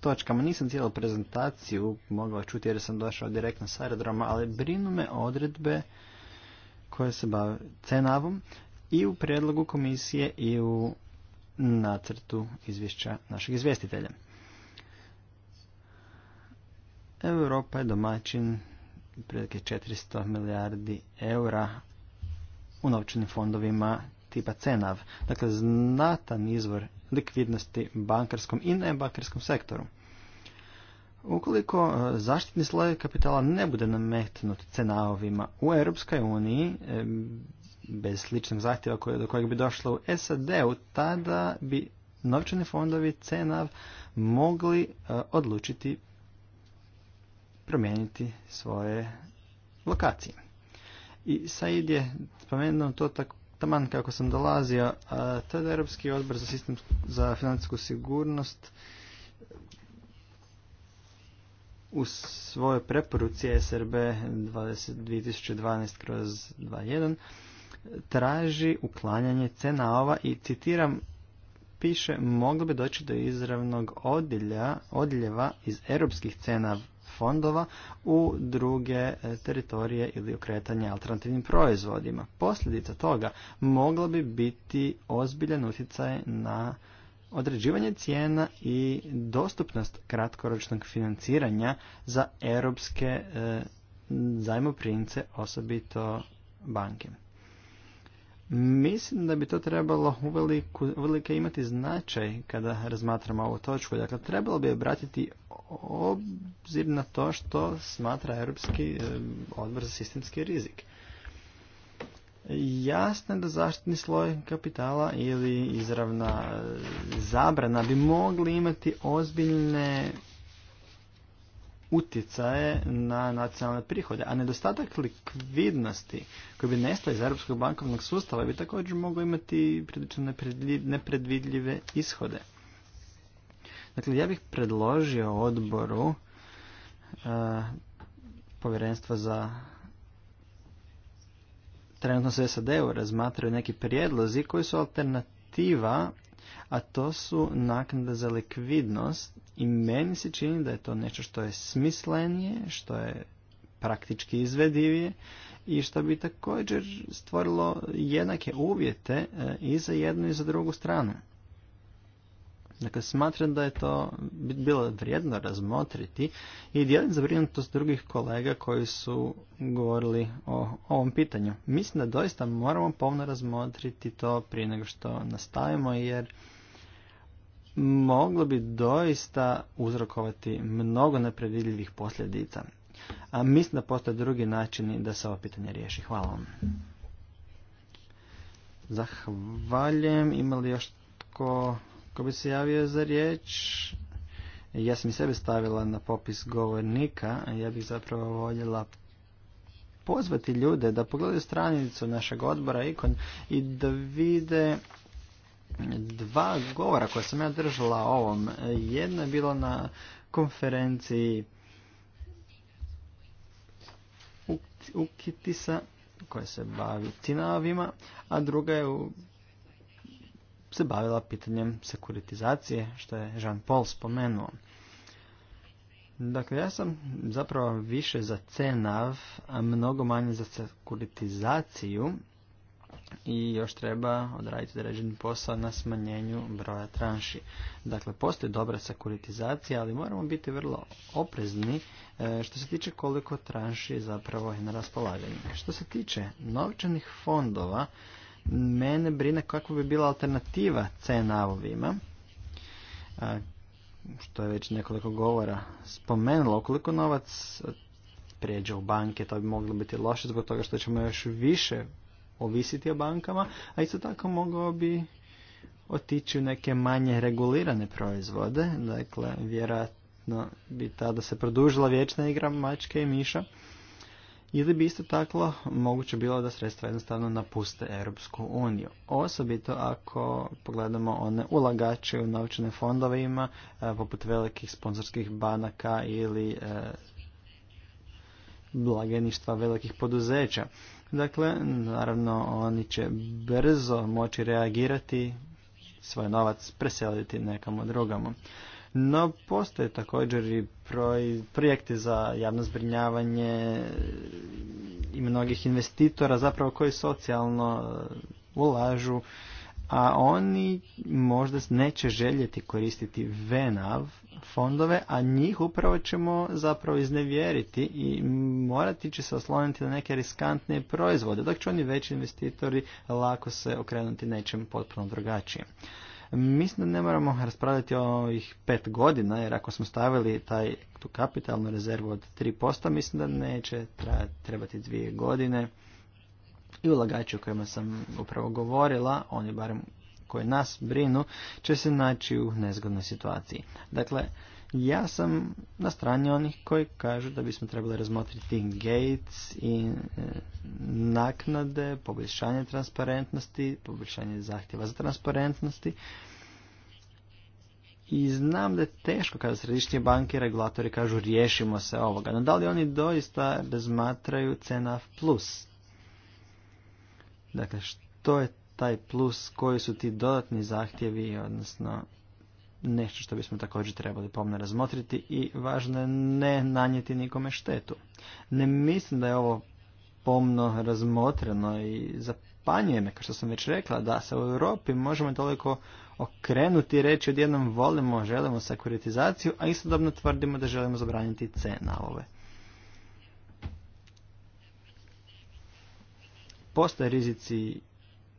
točkama. Nisam cijelu prezentaciju mogao čuti jer sam došao direktno s aerodroma, ali brinu me odredbe koje se bave cenavom i u predlogu komisije i u nacrtu izvješća našeg izvjestitelja. Europa je domaćin prilike 400 milijardi eura u novčanim fondovima tipa CENAV. Dakle, znatan izvor likvidnosti bankarskom i nebankarskom sektoru. Ukoliko e, zaštitni sloj kapitala ne bude nametnut cenavovima u Europskoj uniji, e, bez sličnog zahtjeva do kojeg bi došlo u SAD-u, tada bi novčani fondovi CENAV mogli e, odlučiti promijeniti svoje lokacije. I Said je spomenuo to tako taman kako sam dolazio, a tada Europski odbor za, sistem, za financijsku sigurnost u svojoj preporuci SRB 2012 kroz 21 traži uklanjanje ova i citiram piše moglo bi doći do izravnog odljeva iz europskih cena fondova u druge e, teritorije ili okretanje alternativnim proizvodima. Posljedica toga mogla bi biti ozbiljan utjecaj na određivanje cijena i dostupnost kratkoročnog financiranja za europske e, zajmoprimce, osobito banke. Mislim da bi to trebalo uvelike imati značaj kada razmatramo ovu točku. Dakle, trebalo bi obratiti obzir na to što smatra Europski odbor za sistemski rizik. Jasno je da zaštitni sloj kapitala ili izravna e, zabrana bi mogli imati ozbiljne utjecaje na nacionalne prihode, a nedostatak likvidnosti koji bi nestao iz europskog bankovnog sustava bi također mogao imati prilično nepredvidljive ishode. Dakle, ja bih predložio odboru e, povjerenstva za trenutno se SAD-u razmatraju neki prijedlozi koji su alternativa, a to su naknade za likvidnost i meni se čini da je to nešto što je smislenije, što je praktički izvedivije i što bi također stvorilo jednake uvjete e, i za jednu i za drugu stranu. Dakle, smatram da je to bilo vrijedno razmotriti i dijelim zabrinutost drugih kolega koji su govorili o ovom pitanju. Mislim da doista moramo pomno razmotriti to prije nego što nastavimo jer moglo bi doista uzrokovati mnogo nepredvidljivih posljedica. A mislim da postoje drugi načini da se ovo pitanje riješi. Hvala vam. Zahvaljujem. Ima još tko ko bi se javio za riječ. Ja sam i sebe stavila na popis govornika, ja bih zapravo voljela pozvati ljude da pogledaju stranicu našeg odbora Ikon i da vide dva govora koje sam ja držala ovom. Jedna je bila na konferenciji Ukitisa koja se bavi tinavima, a druga je u se bavila pitanjem sekuritizacije, što je Jean-Paul spomenuo. Dakle, ja sam zapravo više za CNAV, a mnogo manje za sekuritizaciju i još treba odraditi određeni posao na smanjenju broja tranši. Dakle, postoji dobra sekuritizacija, ali moramo biti vrlo oprezni e, što se tiče koliko tranši zapravo je na raspolaganju. Što se tiče novčanih fondova, Mene brine kakva bi bila alternativa C navovima, što je već nekoliko govora spomenulo, koliko novac prijeđe u banke, to bi moglo biti loše zbog toga što ćemo još više ovisiti o bankama, a isto tako mogao bi otići u neke manje regulirane proizvode, dakle vjerojatno bi tada se produžila vječna igra mačke i miša ili bi isto tako moguće bilo da sredstva jednostavno napuste Europsku uniju. Osobito ako pogledamo one ulagače u novčane ima, e, poput velikih sponsorskih banaka ili e, blageništva velikih poduzeća. Dakle, naravno, oni će brzo moći reagirati, svoj novac preseliti nekamo drugomu. No, postoje također i projekti za javno zbrinjavanje i mnogih investitora zapravo koji socijalno e, ulažu, a oni možda neće željeti koristiti VENAV fondove, a njih upravo ćemo zapravo iznevjeriti i morati će se osloniti na neke riskantne proizvode, dok će oni veći investitori lako se okrenuti nečem potpuno drugačijem. Mislim da ne moramo raspravljati o ovih pet godina, jer ako smo stavili taj, tu kapitalnu rezervu od 3%, mislim da neće trebati dvije godine. I ulagači o kojima sam upravo govorila, oni barem koji nas brinu, će se naći u nezgodnoj situaciji. Dakle, ja sam na strani onih koji kažu da bismo trebali razmotriti gates i e, naknade, poboljšanje transparentnosti, poboljšanje zahtjeva za transparentnosti. I znam da je teško kada središnje banke i regulatori kažu riješimo se ovoga. No da li oni doista razmatraju CNAF plus? Dakle, što je taj plus, koji su ti dodatni zahtjevi, odnosno nešto što bismo također trebali pomno razmotriti i važno je ne nanijeti nikome štetu. Ne mislim da je ovo pomno razmotreno i zapanjuje me, kao što sam već rekla, da se u Europi možemo toliko okrenuti i reći odjednom volimo, želimo sekuritizaciju, a istodobno tvrdimo da želimo zabraniti C ove. Postoje rizici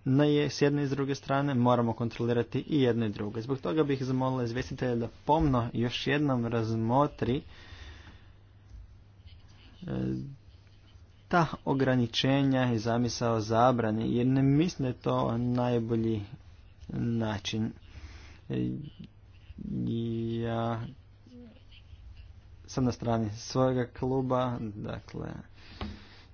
na je, s jedne i s druge strane moramo kontrolirati i jedno i drugo. Zbog toga bih zamolila izvjestitelja da pomno još jednom razmotri e, ta ograničenja i zamisao zabrani, jer ne mislim da je to najbolji način. E, ja sam na strani svojega kluba, dakle,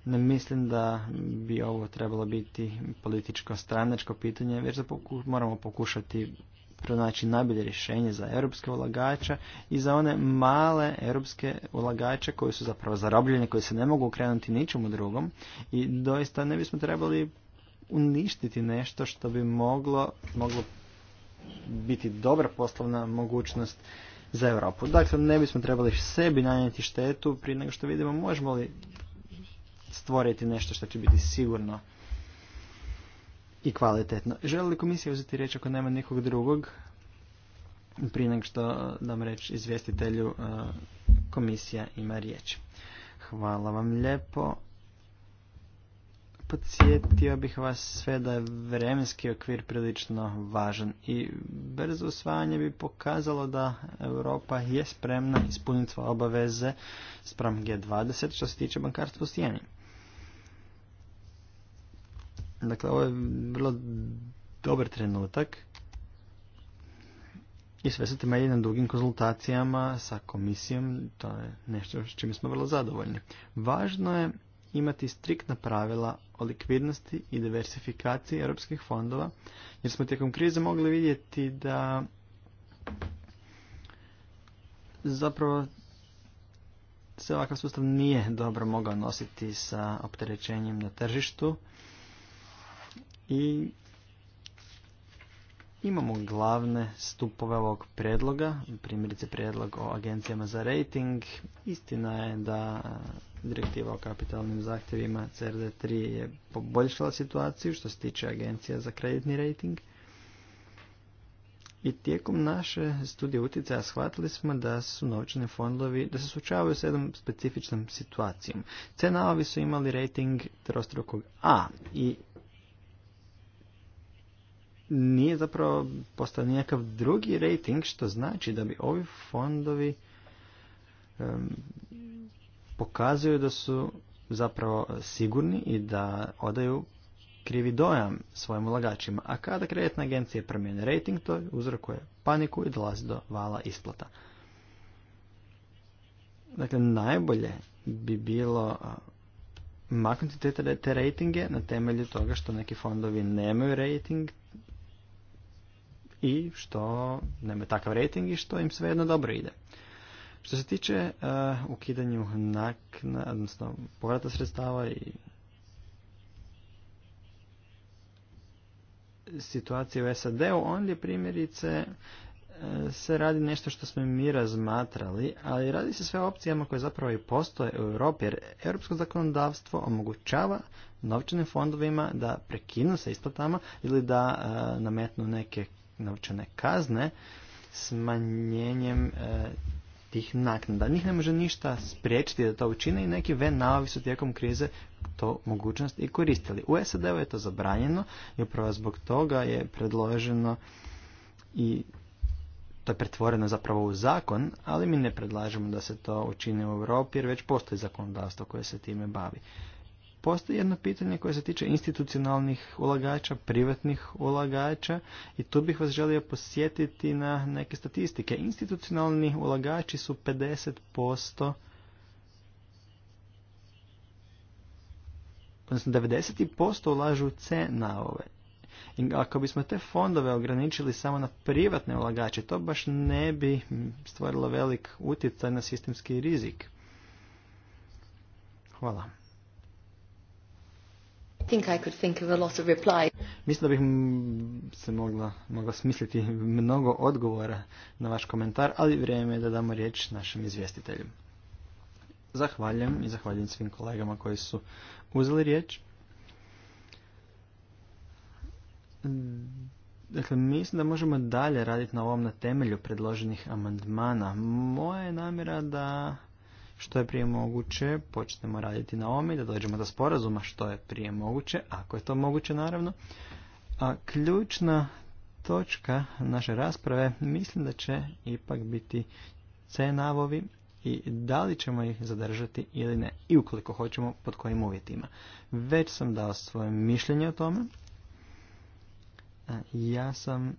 ne mislim da bi ovo trebalo biti političko-stranačko pitanje, već da moramo pokušati pronaći najbolje rješenje za europske ulagača i za one male europske ulagače koji su zapravo zarobljeni, koji se ne mogu okrenuti ničemu drugom i doista ne bismo trebali uništiti nešto što bi moglo, moglo biti dobra poslovna mogućnost za Europu. Dakle, ne bismo trebali sebi nanijeti štetu prije nego što vidimo možemo li stvoriti nešto što će biti sigurno i kvalitetno. Želi li komisija uzeti riječ ako nema nikog drugog? Prije nego što dam reći izvjestitelju, e, komisija ima riječ. Hvala vam lijepo. Podsjetio bih vas sve da je vremenski okvir prilično važan i brzo usvajanje bi pokazalo da Europa je spremna ispuniti svoje obaveze sprem G20 što se tiče bankarstva u sjeni. Dakle, ovo je vrlo dobar trenutak i sve se temelji na dugim konzultacijama sa komisijom, to je nešto s čime smo vrlo zadovoljni. Važno je imati striktna pravila o likvidnosti i diversifikaciji europskih fondova, jer smo tijekom krize mogli vidjeti da zapravo se ovakav sustav nije dobro mogao nositi sa opterećenjem na tržištu i imamo glavne stupove ovog predloga, primjerice predlog o agencijama za rating. Istina je da direktiva o kapitalnim zahtjevima CRD3 je poboljšala situaciju što se tiče agencija za kreditni rating. I tijekom naše studije utjecaja shvatili smo da su novčani fondovi, da se suočavaju s jednom specifičnom situacijom. Cena su imali rating trostrukog A i nije zapravo postao nijakav drugi rating, što znači da bi ovi fondovi um, pokazuju da su zapravo sigurni i da odaju krivi dojam svojim ulagačima, a kada kreditna agencija promijene rating, to uzrokuje paniku i dolazi do vala isplata. Dakle, najbolje bi bilo maknuti te, te ratinge na temelju toga što neki fondovi nemaju rating i što nema takav rating i što im svejedno dobro ide. Što se tiče uh, ukidanju nakna, odnosno povrata sredstava i situacije u SAD-u, ondje primjerice e, se radi nešto što smo mi razmatrali, ali radi se sve o opcijama koje zapravo i postoje u Europi, jer europsko zakonodavstvo omogućava novčanim fondovima da prekinu sa isplatama ili da e, nametnu neke novčane kazne smanjenjem e, tih naknada. Njih ne može ništa spriječiti da to učine i neki venalovi su tijekom krize to mogućnost i koristili. U SAD-u je to zabranjeno i upravo zbog toga je predloženo i to je pretvoreno zapravo u zakon, ali mi ne predlažemo da se to učini u Europi jer već postoji zakonodavstvo koje se time bavi. Postoji jedno pitanje koje se tiče institucionalnih ulagača, privatnih ulagača i tu bih vas želio posjetiti na neke statistike. Institucionalni ulagači su 50% odnosno 90% ulažu u c ove. I ako bismo te fondove ograničili samo na privatne ulagače, to baš ne bi stvorilo velik utjecaj na sistemski rizik. Hvala. Think I could think of a lot Mislim da bih se mogla, mogla smisliti mnogo odgovora na vaš komentar, ali vrijeme je da damo riječ našem izvjestitelju. Zahvaljujem i zahvaljujem svim kolegama koji su uzeli riječ. Dakle, mislim da možemo dalje raditi na ovom na temelju predloženih amandmana. Moja je namjera da što je prije moguće, počnemo raditi na ovome i da dođemo do sporazuma što je prije moguće, ako je to moguće naravno. A ključna točka naše rasprave mislim da će ipak biti C navovi i da li ćemo ih zadržati ili ne i ukoliko hoćemo pod kojim uvjetima. Već sam dao svoje mišljenje o tome. Ja sam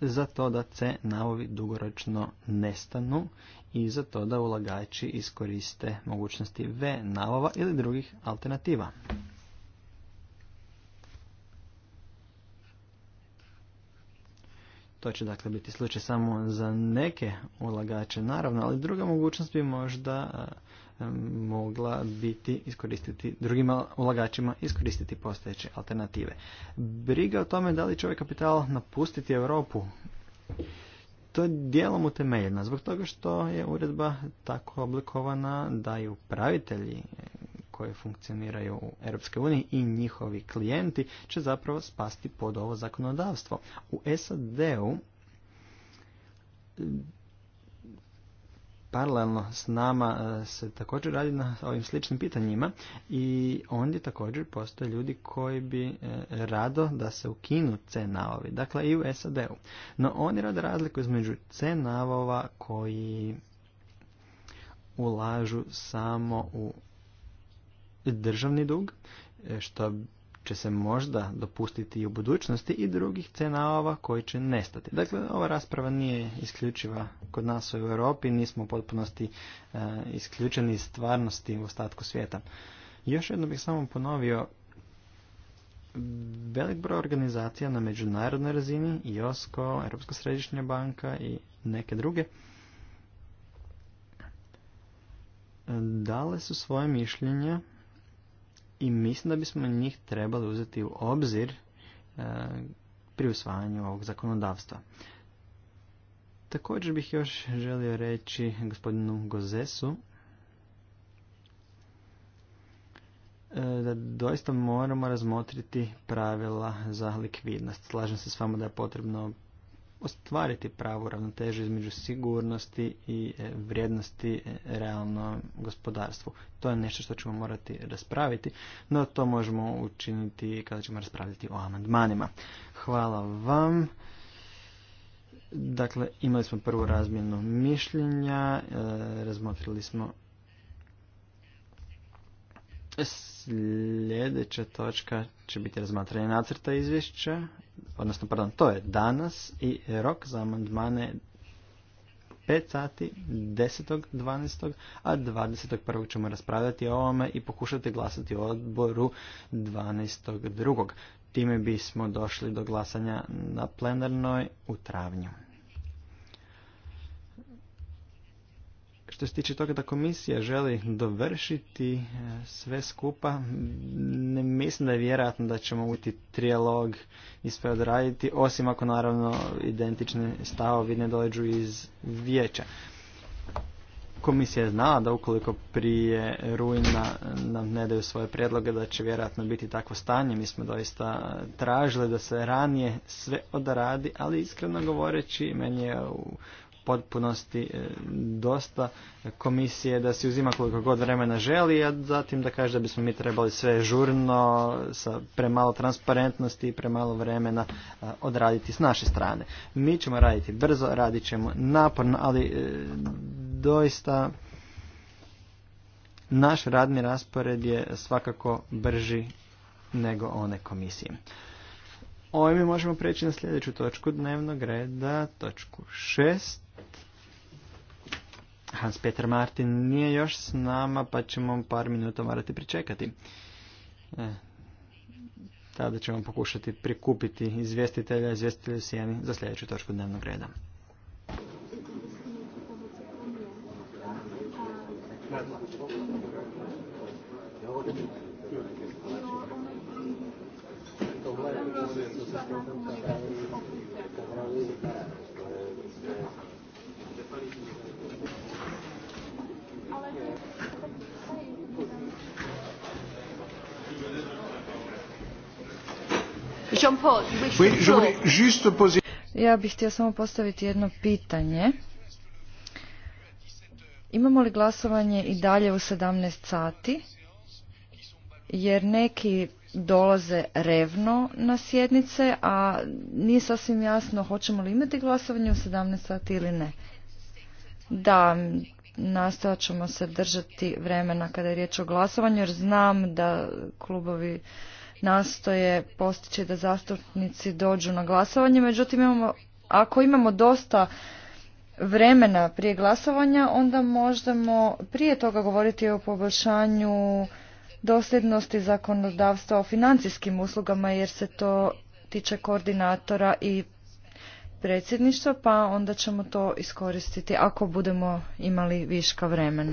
za to da C navovi dugoročno nestanu i za to da ulagači iskoriste mogućnosti V navova ili drugih alternativa. To će dakle biti slučaj samo za neke ulagače, naravno, ali druga mogućnost bi možda mogla biti iskoristiti drugim ulagačima iskoristiti postojeće alternative. Briga o tome da li će ovaj kapital napustiti Europu to je dijelom utemeljena zbog toga što je uredba tako oblikovana da i upravitelji koji funkcioniraju u EU i njihovi klijenti će zapravo spasti pod ovo zakonodavstvo. U SAD-u paralelno s nama e, se također radi na ovim sličnim pitanjima i ondje također postoje ljudi koji bi e, rado da se ukinu C navovi, dakle i u SAD-u. No oni rade razliku između C navova koji ulažu samo u državni dug, e, što će se možda dopustiti i u budućnosti i drugih CNA-ova koji će nestati. Dakle, ova rasprava nije isključiva kod nas u Europi, nismo u potpunosti e, isključeni iz stvarnosti u ostatku svijeta. Još jedno bih samo ponovio, velik broj organizacija na međunarodnoj razini, IOSCO, Europska središnja banka i neke druge, dale su svoje mišljenja i mislim da bismo njih trebali uzeti u obzir e, pri usvajanju ovog zakonodavstva. Također bih još želio reći gospodinu Gozesu e, da doista moramo razmotriti pravila za likvidnost. Slažem se s vama da je potrebno ostvariti pravu ravnotežu između sigurnosti i e, vrijednosti e, realno gospodarstvu. To je nešto što ćemo morati raspraviti, no to možemo učiniti kada ćemo raspravljati o amandmanima. Hvala vam. Dakle, imali smo prvu razmjenu mišljenja, e, razmotrili smo sljedeća točka će biti razmatranje nacrta izvješća odnosno pardon, to je danas i rok za amandmane 5 sati 12. a 21. ćemo raspravljati o ovome i pokušati glasati o odboru 12.2. Time bismo došli do glasanja na plenarnoj u travnju. što se tiče toga da komisija želi dovršiti e, sve skupa, ne mislim da je vjerojatno da ćemo uti trijalog i sve odraditi, osim ako naravno identične stavovi ne dođu iz vijeća. Komisija je znala da ukoliko prije rujna nam ne daju svoje predloge, da će vjerojatno biti takvo stanje. Mi smo doista tražili da se ranije sve odradi, ali iskreno govoreći meni je u potpunosti e, dosta komisije da si uzima koliko god vremena želi, a zatim da kaže da bismo mi trebali sve žurno, sa premalo transparentnosti i premalo vremena e, odraditi s naše strane. Mi ćemo raditi brzo, radit ćemo naporno, ali e, doista naš radni raspored je svakako brži nego one komisije. Ovime možemo preći na sljedeću točku dnevnog reda, točku 6. Hans-Peter Martin nije još s nama, pa ćemo par minuta morati pričekati. E, tada ćemo pokušati prikupiti izvjestitelja, izvjestitelja u sjeni za sljedeću točku dnevnog reda. Ja bih htio samo postaviti jedno pitanje. Imamo li glasovanje i dalje u 17 sati? Jer neki dolaze revno na sjednice, a nije sasvim jasno hoćemo li imati glasovanje u 17 sati ili ne. Da, nastojat ćemo se držati vremena kada je riječ o glasovanju, jer znam da klubovi nastoje postići da zastupnici dođu na glasovanje, međutim imamo, ako imamo dosta vremena prije glasovanja, onda možemo prije toga govoriti o poboljšanju dosljednosti zakonodavstva o financijskim uslugama jer se to tiče koordinatora i predsjedništva, pa onda ćemo to iskoristiti ako budemo imali viška vremena.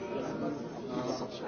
Hvala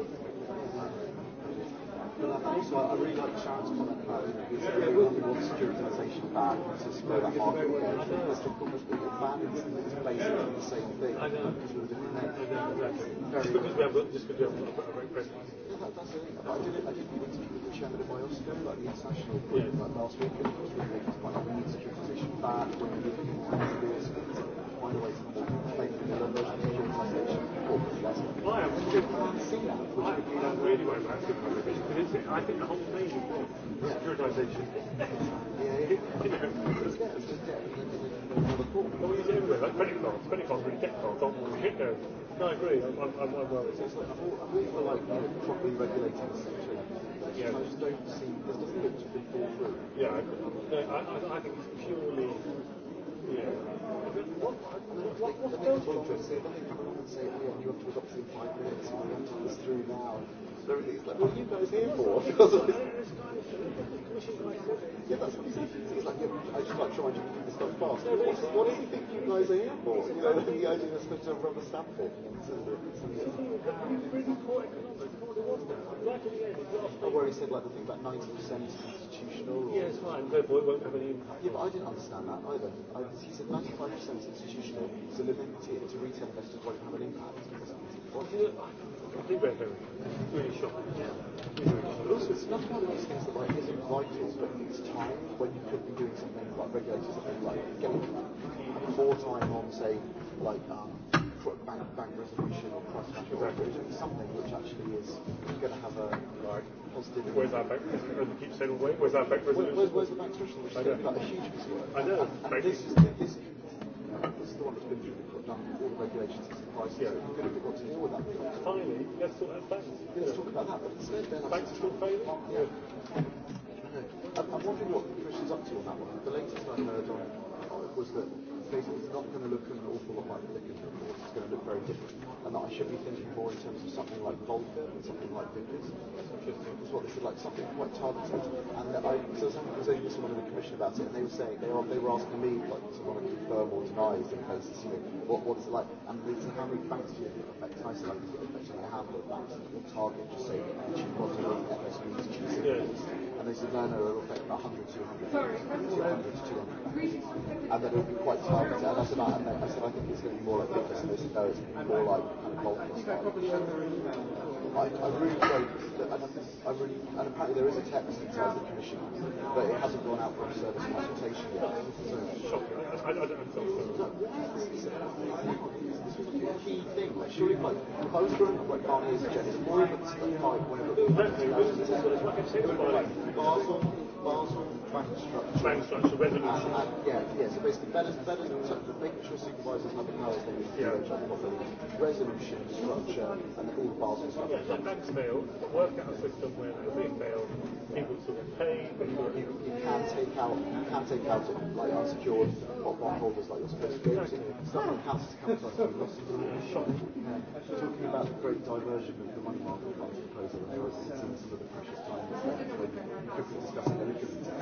Well, I really like Sharon's comment about we want securitisation back. a a square market. I think that's almost being it's basically the same thing. I know. Just because we have a international back, find to make i wouldn't have that. I, I really I think the whole thing securitization. Yeah, yeah. you credit cards, really debt cards, No, I agree. I'm, Yeah. I don't see, to be Yeah, I, think purely, yeah say, hey, I'm have to look in five minutes, and you have to this through now. So he's like, what are you guys here for? yeah, that's what he said. He's like, yeah, I just like trying to do this stuff fast. what, what do you think you guys are here for? You know, the idea is to rubber stamp it. It's, it's, it's, it's, i where he said like the thing about 90% is institutional. Or... Yeah, it's fine. Therefore, it won't have any impact. Yeah, but I didn't understand that either. I, he said 95% is institutional, so limiting it to retail investors won't have an impact. What? I think we're very, really shocked. Yeah. Really, Also, it's not one of those things that like isn't vital, but needs time when you could be doing something like regulating something like getting more time on, say, like um, bank, bank resolution or price country exactly. restitution, something which actually is going to have a right. positive impact. Where's our bank resolution? keep saying, where, where's our bank resolution? Where, where's, where's the bank resolution? which is going to be a huge piece of work? I know. And, and this, is, this, this is the one that's been through the, done all the regulations and the prices. Yeah. So we're going to be able to deal with that. Finally, let's talk about banks. Yeah, let's yeah. talk about that. But instead, then... Banks are still failing? Oh, yeah. yeah. I'm, wondering what the Commission's up to on that one. The latest I heard on was that space it's not going to look an awful lot like Dickens' report. It's going to look very different. And that I should be thinking more in terms of something like Volker and something like Vickers. That's what they should like, something quite targeted. And I, so I was able to someone in the commission about it, and they were saying, they were, they were asking me, like, to want to confirm or deny as opposed to, you know, what, what is it like? And they said, how many banks do you think affect? And I said, like, affecting a handful of that will target, just say, did you want to know FSB to choose? And they said, no, no, it'll affect about 100, 200, 200, 200, 200 and then be quite targeted. I I think it's going to be more like more like I, really I really, apparently there is a text inside the commission, but it hasn't gone out for a service So, key thing. Trying structure. Trying structure resolution. yeah, yeah, so basically better, better to sure supervisors have a yeah. Resolution, structure, and all banks fail, work out a system where fail, people to You, can take out, you take out like like Talking about the great diversion of the money the precious time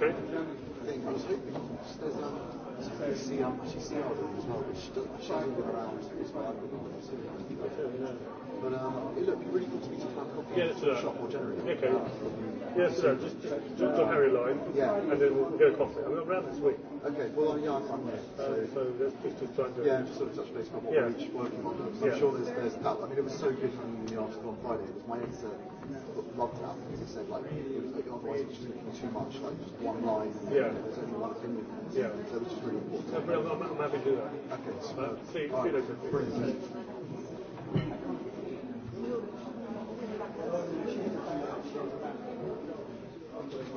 Okay. But um, look, really good to a shop Just, And then we'll get coffee. I'm around this week. Okay. Well, yeah, I'm uh, So, just, just sort of touch base on working on. mean, it was so good from the my said, like, otherwise too much, one line. yeah. So important. Okay. Uh, so,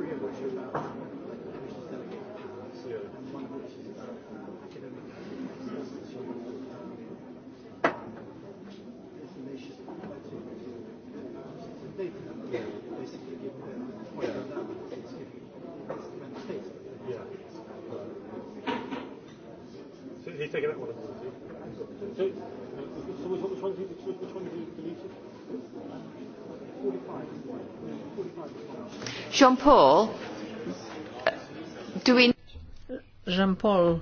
Prijevođena. Jean Paul, Jean Paul,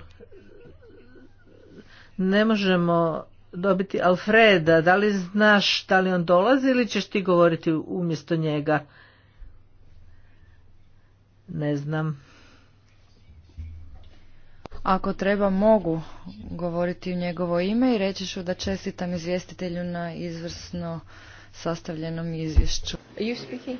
ne možemo dobiti Alfreda. Da li znaš da li on dolazi ili ćeš ti govoriti umjesto njega? Ne znam. Ako treba mogu govoriti u njegovo ime i reći ću da čestitam izvjestitelju na izvrsno sastavljenom izvješću. Are you speaking?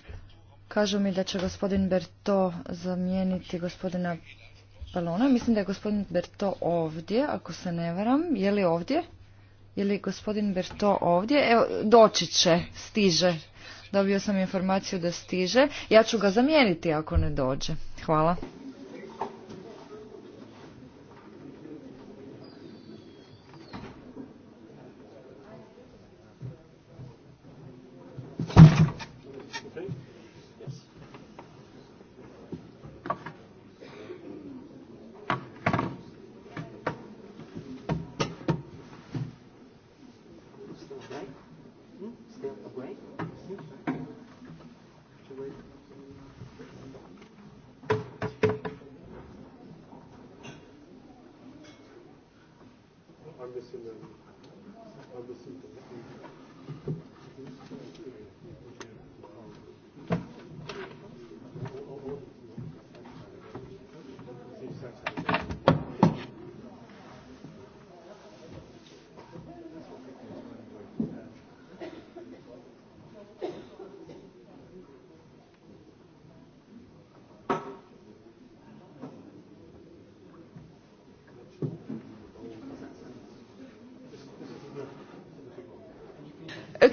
Kažu mi da će gospodin Berto zamijeniti gospodina Palona. Mislim da je gospodin Berto ovdje, ako se ne varam. Je li ovdje? Je li gospodin Berto ovdje? Evo, doći će, stiže. Dobio sam informaciju da stiže. Ja ću ga zamijeniti ako ne dođe. Hvala.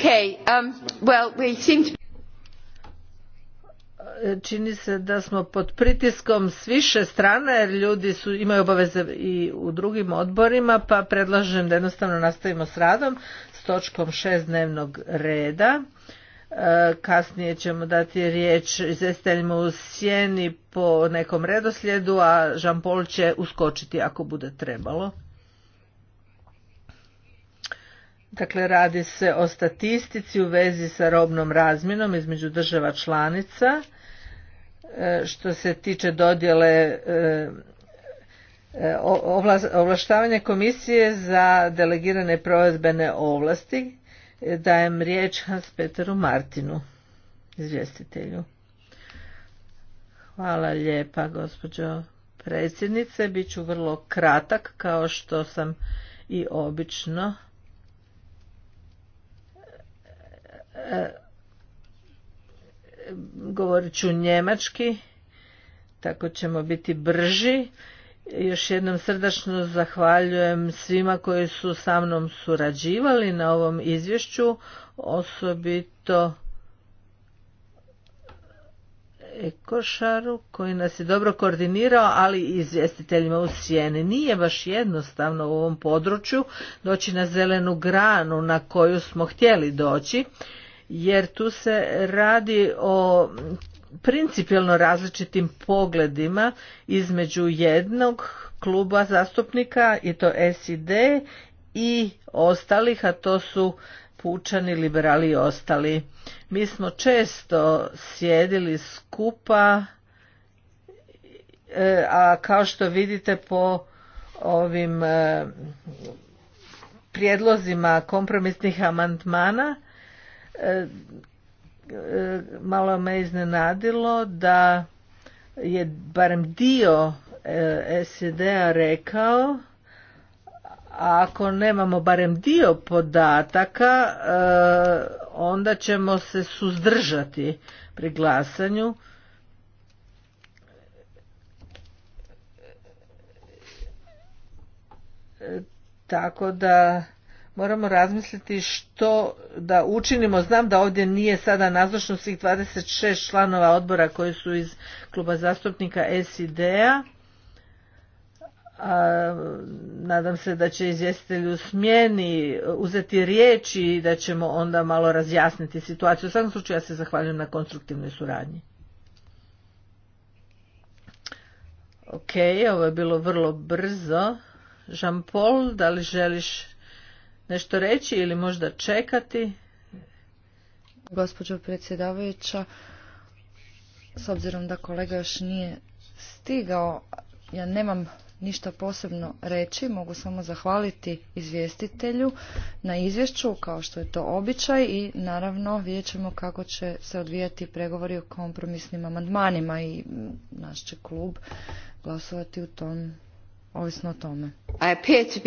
Um, Čini se da smo pod pritiskom s više strana jer ljudi su, imaju obaveze i u drugim odborima pa predlažem da jednostavno nastavimo s radom s točkom šest dnevnog reda. E, kasnije ćemo dati riječ izvjestiteljima u sjeni po nekom redoslijedu, a Jean Paul će uskočiti ako bude trebalo. Dakle, radi se o statistici u vezi sa robnom razmjenom između država članica. E, što se tiče dodjele e, e, ovlaštavanja komisije za delegirane provedbene ovlasti, dajem riječ Hans Peteru Martinu, izvjestitelju. Hvala lijepa, gospođo predsjednice. Biću vrlo kratak, kao što sam i obično. govorit ću njemački, tako ćemo biti brži. Još jednom srdačno zahvaljujem svima koji su sa mnom surađivali na ovom izvješću, osobito Ekošaru koji nas je dobro koordinirao, ali i izvjestiteljima u sjeni. Nije baš jednostavno u ovom području doći na zelenu granu na koju smo htjeli doći jer tu se radi o principijelno različitim pogledima između jednog kluba zastupnika i to SID i ostalih, a to su pučani, liberali i ostali. Mi smo često sjedili skupa, e, a kao što vidite po ovim e, prijedlozima kompromisnih amandmana, E, e, malo me iznenadilo da je barem dio e, SED-a rekao a ako nemamo barem dio podataka onda ćemo se suzdržati pri glasanju tako da moramo razmisliti što da učinimo. Znam da ovdje nije sada nazočno svih 26 članova odbora koji su iz kluba zastupnika SID-a. Nadam se da će izvjestitelj u smjeni uzeti riječ i da ćemo onda malo razjasniti situaciju. U svakom slučaju ja se zahvaljujem na konstruktivnoj suradnji. Ok, ovo je bilo vrlo brzo. Jean-Paul, da li želiš nešto reći ili možda čekati? Gospođo predsjedavajuća, s obzirom da kolega još nije stigao, ja nemam ništa posebno reći, mogu samo zahvaliti izvjestitelju na izvješću kao što je to običaj i naravno vidjet ćemo kako će se odvijati pregovori o kompromisnim amandmanima i naš će klub glasovati u tom, ovisno o tome. I appear to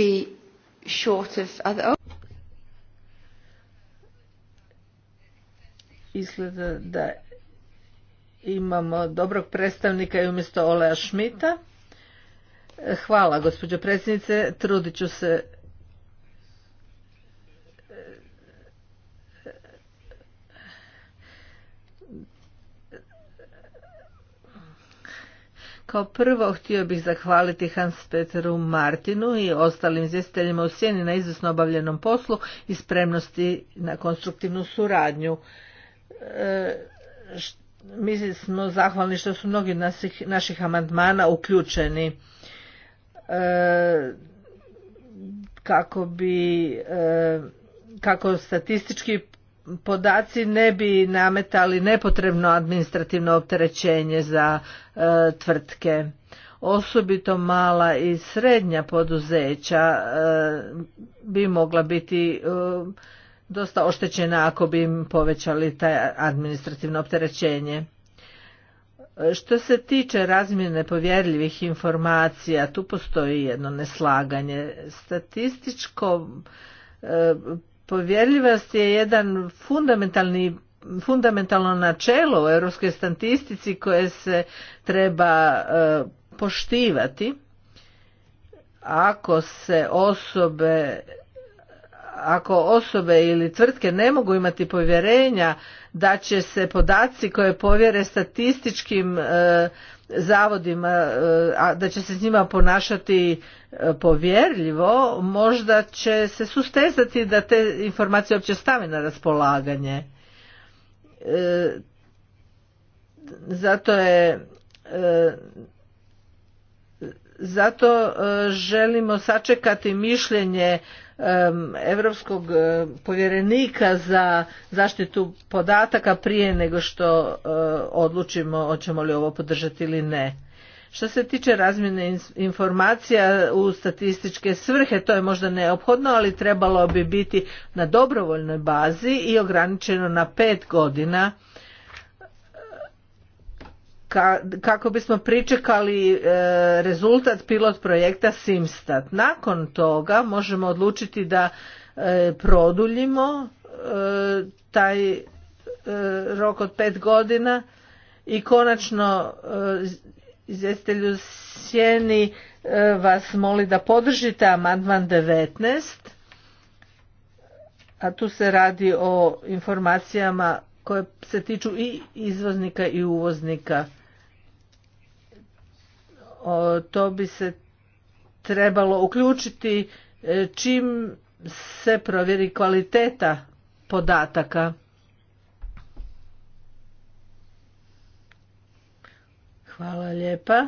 short of other... Izgleda da imamo dobrog predstavnika i umjesto Olea Šmita. Hvala, gospođo predsjednice. Trudit ću se Kao prvo htio bih zahvaliti Hans Peteru Martinu i ostalim izvjestiteljima u sjeni na izvrsno obavljenom poslu i spremnosti na konstruktivnu suradnju. E, mi smo zahvalni što su mnogi nasih, naših amandmana uključeni e, kako bi e, kako statistički podaci ne bi nametali nepotrebno administrativno opterećenje za e, tvrtke osobito mala i srednja poduzeća e, bi mogla biti e, dosta oštećena ako bi im povećali taj administrativno opterećenje što se tiče razmjene povjerljivih informacija tu postoji jedno neslaganje statističko Povjerljivost je jedan fundamentalni fundamentalno načelo u europskoj statistici koje se treba e, poštivati ako se osobe ako osobe ili tvrtke ne mogu imati povjerenja da će se podaci koje povjere statističkim e, zavodima, e, a da će se s njima ponašati e, povjerljivo, možda će se sustezati da te informacije uopće stave na raspolaganje. E, zato je zato želimo sačekati mišljenje europskog e, povjerenika za zaštitu podataka prije nego što e, odlučimo hoćemo li ovo podržati ili ne. Što se tiče razmjene informacija u statističke svrhe, to je možda neophodno, ali trebalo bi biti na dobrovoljnoj bazi i ograničeno na pet godina kako bismo pričekali e, rezultat pilot projekta Simstat. Nakon toga možemo odlučiti da e, produljimo e, taj rok od pet godina i konačno izvjestitelju Sjeni vas moli da podržite amandman 19 a tu se radi o informacijama koje se tiču i izvoznika i uvoznika to bi se trebalo uključiti e, čim se provjeri kvaliteta podataka. Hvala lijepa.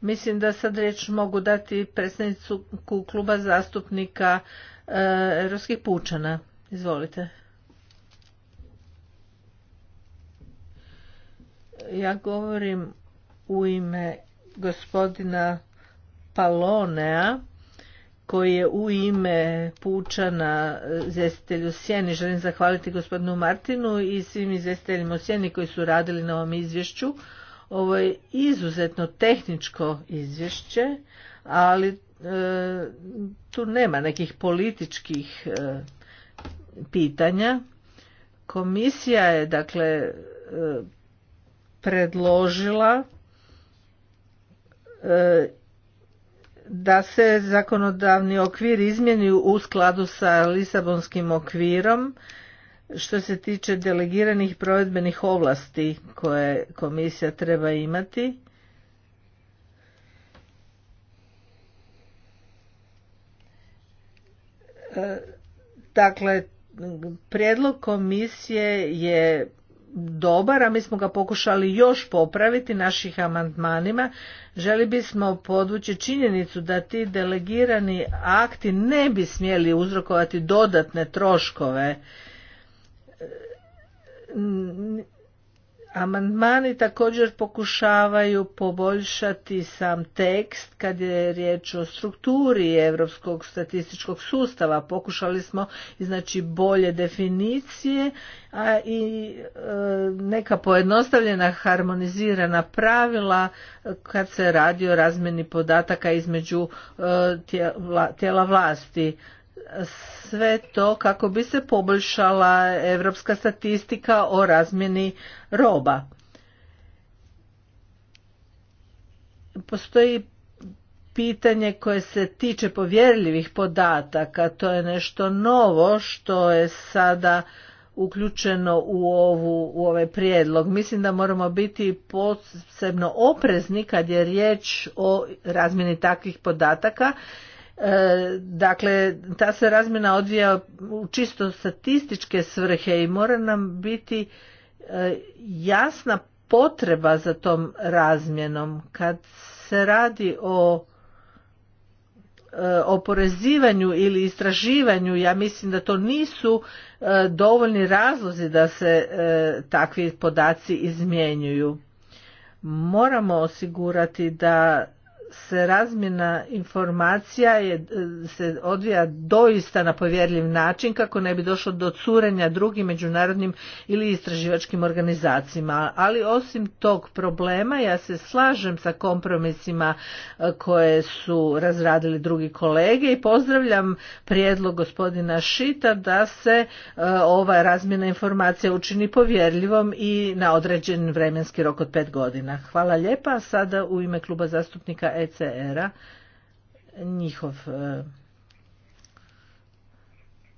Mislim da sad riječ mogu dati predsjednicu kluba zastupnika Europskih pučana. Izvolite. Ja govorim u ime gospodina Palonea koji je u ime Pučana izvjestitelju Sjeni. Želim zahvaliti gospodinu Martinu i svim izvjestiteljima u Sjeni koji su radili na ovom izvješću. Ovo je izuzetno tehničko izvješće, ali e, tu nema nekih političkih e, pitanja. Komisija je dakle e, predložila e, da se zakonodavni okvir izmjeni u skladu sa Lisabonskim okvirom što se tiče delegiranih provedbenih ovlasti koje komisija treba imati. E, dakle, prijedlog komisije je dobar, a mi smo ga pokušali još popraviti naših amandmanima. Želi bismo podvući činjenicu da ti delegirani akti ne bi smjeli uzrokovati dodatne troškove Amandmani također pokušavaju poboljšati sam tekst kad je riječ o strukturi Europskog statističkog sustava. Pokušali smo znači bolje definicije a i e, neka pojednostavljena harmonizirana pravila kad se radi o razmjeni podataka između e, tijela vlasti sve to kako bi se poboljšala europska statistika o razmjeni roba. Postoji pitanje koje se tiče povjerljivih podataka, to je nešto novo što je sada uključeno u, ovu, u ovaj prijedlog. Mislim da moramo biti posebno oprezni kad je riječ o razmjeni takvih podataka E, dakle, ta se razmjena odvija u čisto statističke svrhe i mora nam biti e, jasna potreba za tom razmjenom. Kad se radi o e, oporezivanju ili istraživanju, ja mislim da to nisu dovoljni razlozi da se takvi podaci izmjenjuju. Moramo osigurati da se razmjena informacija je, e, se odvija doista na povjerljiv način kako ne bi došlo do curenja drugim međunarodnim ili istraživačkim organizacijama. Ali osim tog problema ja se slažem sa kompromisima e, koje su razradili drugi kolege i pozdravljam prijedlog gospodina Šita da se e, ova razmjena informacija učini povjerljivom i na određen vremenski rok od pet godina. Hvala lijepa. Sada u ime kluba zastupnika ECR-a, njihov e,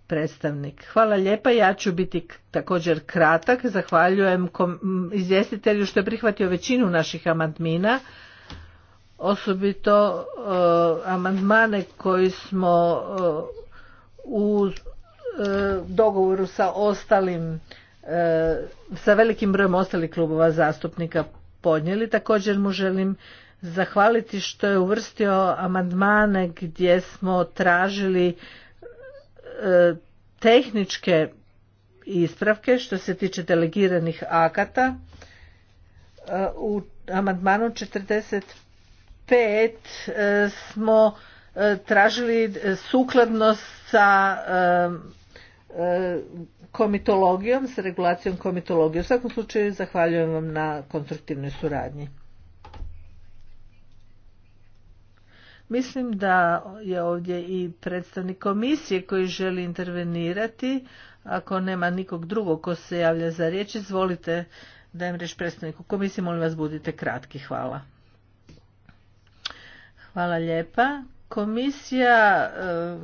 predstavnik. Hvala lijepa, ja ću biti također kratak. Zahvaljujem izvjestitelju što je prihvatio većinu naših amandmina, osobito e, amandmane koji smo e, u dogovoru sa ostalim sa velikim brojem ostalih klubova zastupnika podnijeli. Također mu želim zahvaliti što je uvrstio amandmane gdje smo tražili e, tehničke ispravke što se tiče delegiranih akata. E, u amandmanu 45 e, smo tražili sukladnost sa komitologijom, sa regulacijom komitologije. U svakom slučaju zahvaljujem vam na konstruktivnoj suradnji. Mislim da je ovdje i predstavnik komisije koji želi intervenirati. Ako nema nikog drugog ko se javlja za riječ, izvolite dajem riječ predstavniku komisije. Molim vas budite kratki. Hvala. Hvala lijepa. Komisija eh,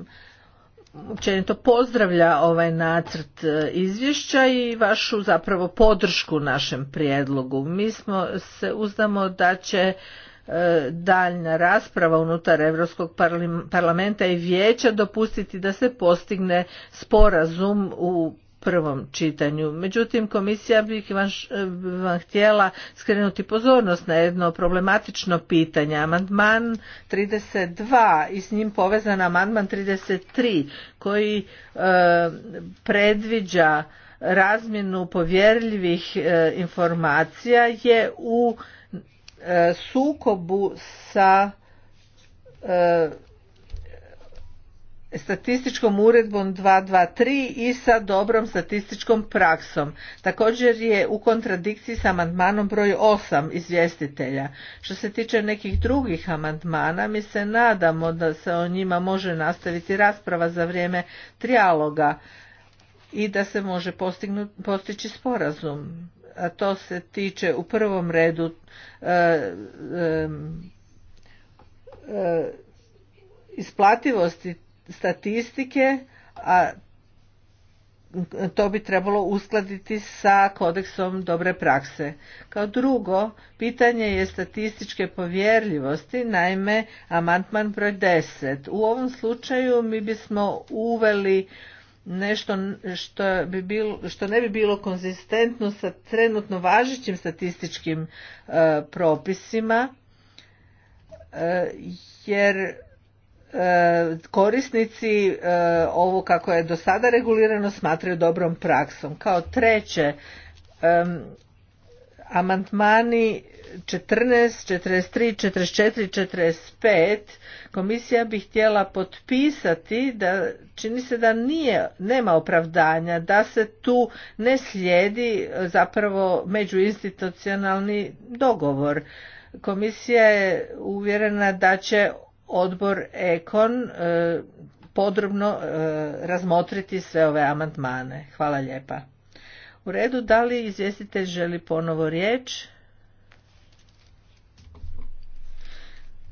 općenito pozdravlja ovaj nacrt eh, izvješća i vašu zapravo podršku našem prijedlogu. Mi smo se uzdamo da će E, daljna rasprava unutar Europskog parlamenta i vijeća dopustiti da se postigne sporazum u prvom čitanju. Međutim, komisija bih e, vam, htjela skrenuti pozornost na jedno problematično pitanje. Amandman 32 i s njim povezan amandman 33 koji e, predviđa razmjenu povjerljivih informacija je u E, sukobu sa e, statističkom uredbom 223 i sa dobrom statističkom praksom. Također je u kontradikciji sa amandmanom broj 8 izvjestitelja. Što se tiče nekih drugih amandmana, mi se nadamo da se o njima može nastaviti rasprava za vrijeme trijaloga i da se može postići sporazum a to se tiče u prvom redu e, e, e, isplativosti statistike, a to bi trebalo uskladiti sa kodeksom dobre prakse. Kao drugo, pitanje je statističke povjerljivosti, naime amantman broj 10. U ovom slučaju mi bismo uveli nešto što, bi što ne bi bilo konzistentno sa trenutno važećim statističkim e, propisima e, jer e, korisnici ovo kako je do sada regulirano smatraju dobrom praksom. Kao treće Amantmani 14, 43, 44, 45 komisija bi htjela potpisati da čini se da nije, nema opravdanja, da se tu ne slijedi zapravo međuinstitucionalni dogovor. Komisija je uvjerena da će odbor Ekon e, podrobno e, razmotriti sve ove amandmane Hvala lijepa. U redu, da li izvjestitelj želi ponovo riječ?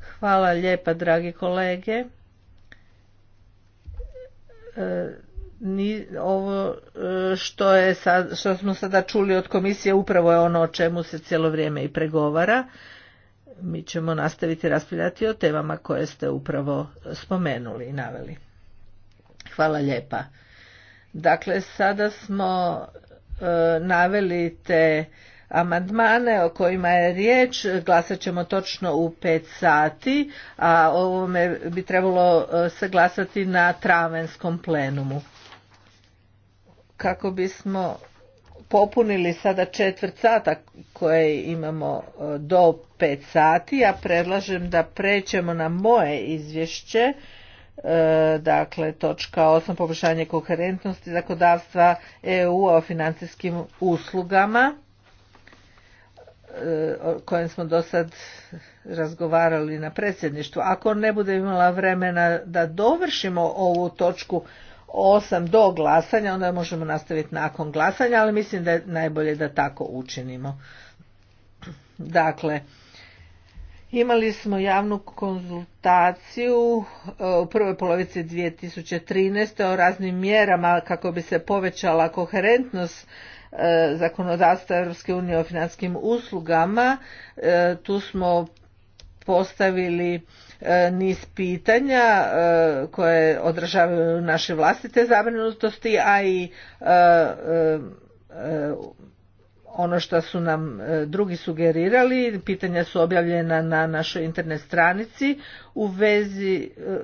Hvala lijepa, dragi kolege. E, ni, ovo e, što, je sad, što smo sada čuli od komisije upravo je ono o čemu se cijelo vrijeme i pregovara. Mi ćemo nastaviti raspravljati o temama koje ste upravo spomenuli i naveli. Hvala lijepa. Dakle, sada smo E, naveli te amandmane o kojima je riječ. Glasat ćemo točno u pet sati, a ovome bi trebalo e, se glasati na travenskom plenumu. Kako bismo popunili sada četvrt sata koje imamo e, do pet sati, ja predlažem da prećemo na moje izvješće. E, dakle točka osam, poboljšanje koherentnosti zakonodavstva EU o financijskim uslugama e, o kojem smo do sad razgovarali na predsjedništvu. Ako ne bude imala vremena da dovršimo ovu točku osam do glasanja, onda možemo nastaviti nakon glasanja, ali mislim da je najbolje da tako učinimo. Dakle, Imali smo javnu konzultaciju e, u prvoj polovici 2013. o raznim mjerama kako bi se povećala koherentnost e, zakonodavstva Europske unije o financijskim uslugama. E, tu smo postavili niz pitanja koje odražavaju naše vlastite zabrinutosti, a i ono što su nam e, drugi sugerirali, pitanja su objavljena na našoj internet stranici. U vezi, e,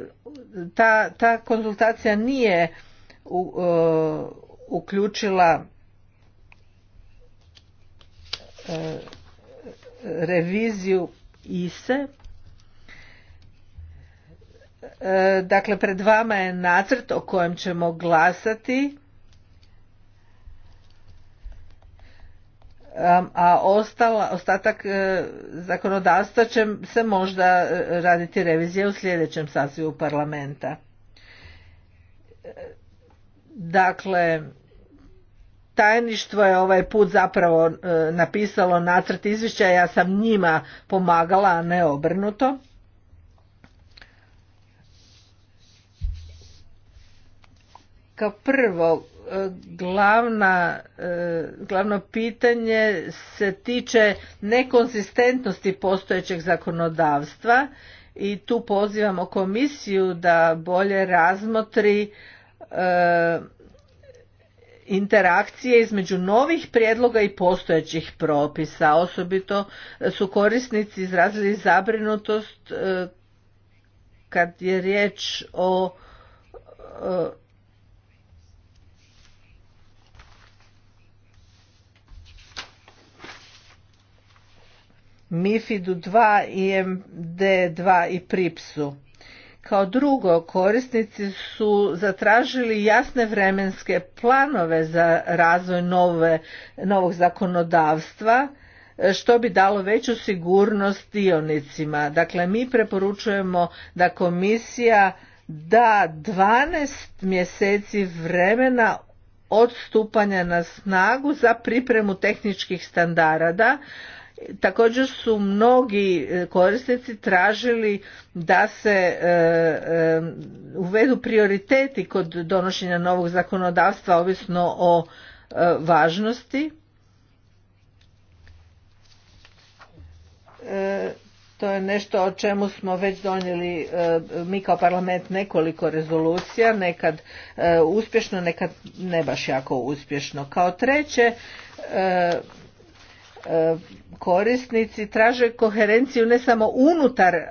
ta, ta konzultacija nije e, uključila reviziju ISE. dakle, pred vama je nacrt o kojem ćemo glasati a ostala, ostatak e, zakonodavstva će se možda e, raditi revizije u sljedećem sazivu parlamenta. Dakle, tajništvo je ovaj put zapravo e, napisalo nacrt izvješća, ja sam njima pomagala, a ne obrnuto. Kao prvo, e, glavna, e, glavno pitanje se tiče nekonzistentnosti postojećeg zakonodavstva i tu pozivamo komisiju da bolje razmotri e, interakcije između novih prijedloga i postojećih propisa. Osobito su korisnici izrazili zabrinutost kad je riječ o MIFID-u 2, md 2 i PRIPS-u. Kao drugo, korisnici su zatražili jasne vremenske planove za razvoj nove, novog zakonodavstva, što bi dalo veću sigurnost dionicima. Dakle, mi preporučujemo da komisija da 12 mjeseci vremena od stupanja na snagu za pripremu tehničkih standarda, Također su mnogi e, korisnici tražili da se e, e, uvedu prioriteti kod donošenja novog zakonodavstva ovisno o važnosti. To je nešto o čemu smo već donijeli mi kao parlament nekoliko rezolucija, nekad uspješno, nekad ne baš jako uspješno. Kao treće, korisnici traže koherenciju ne samo unutar e,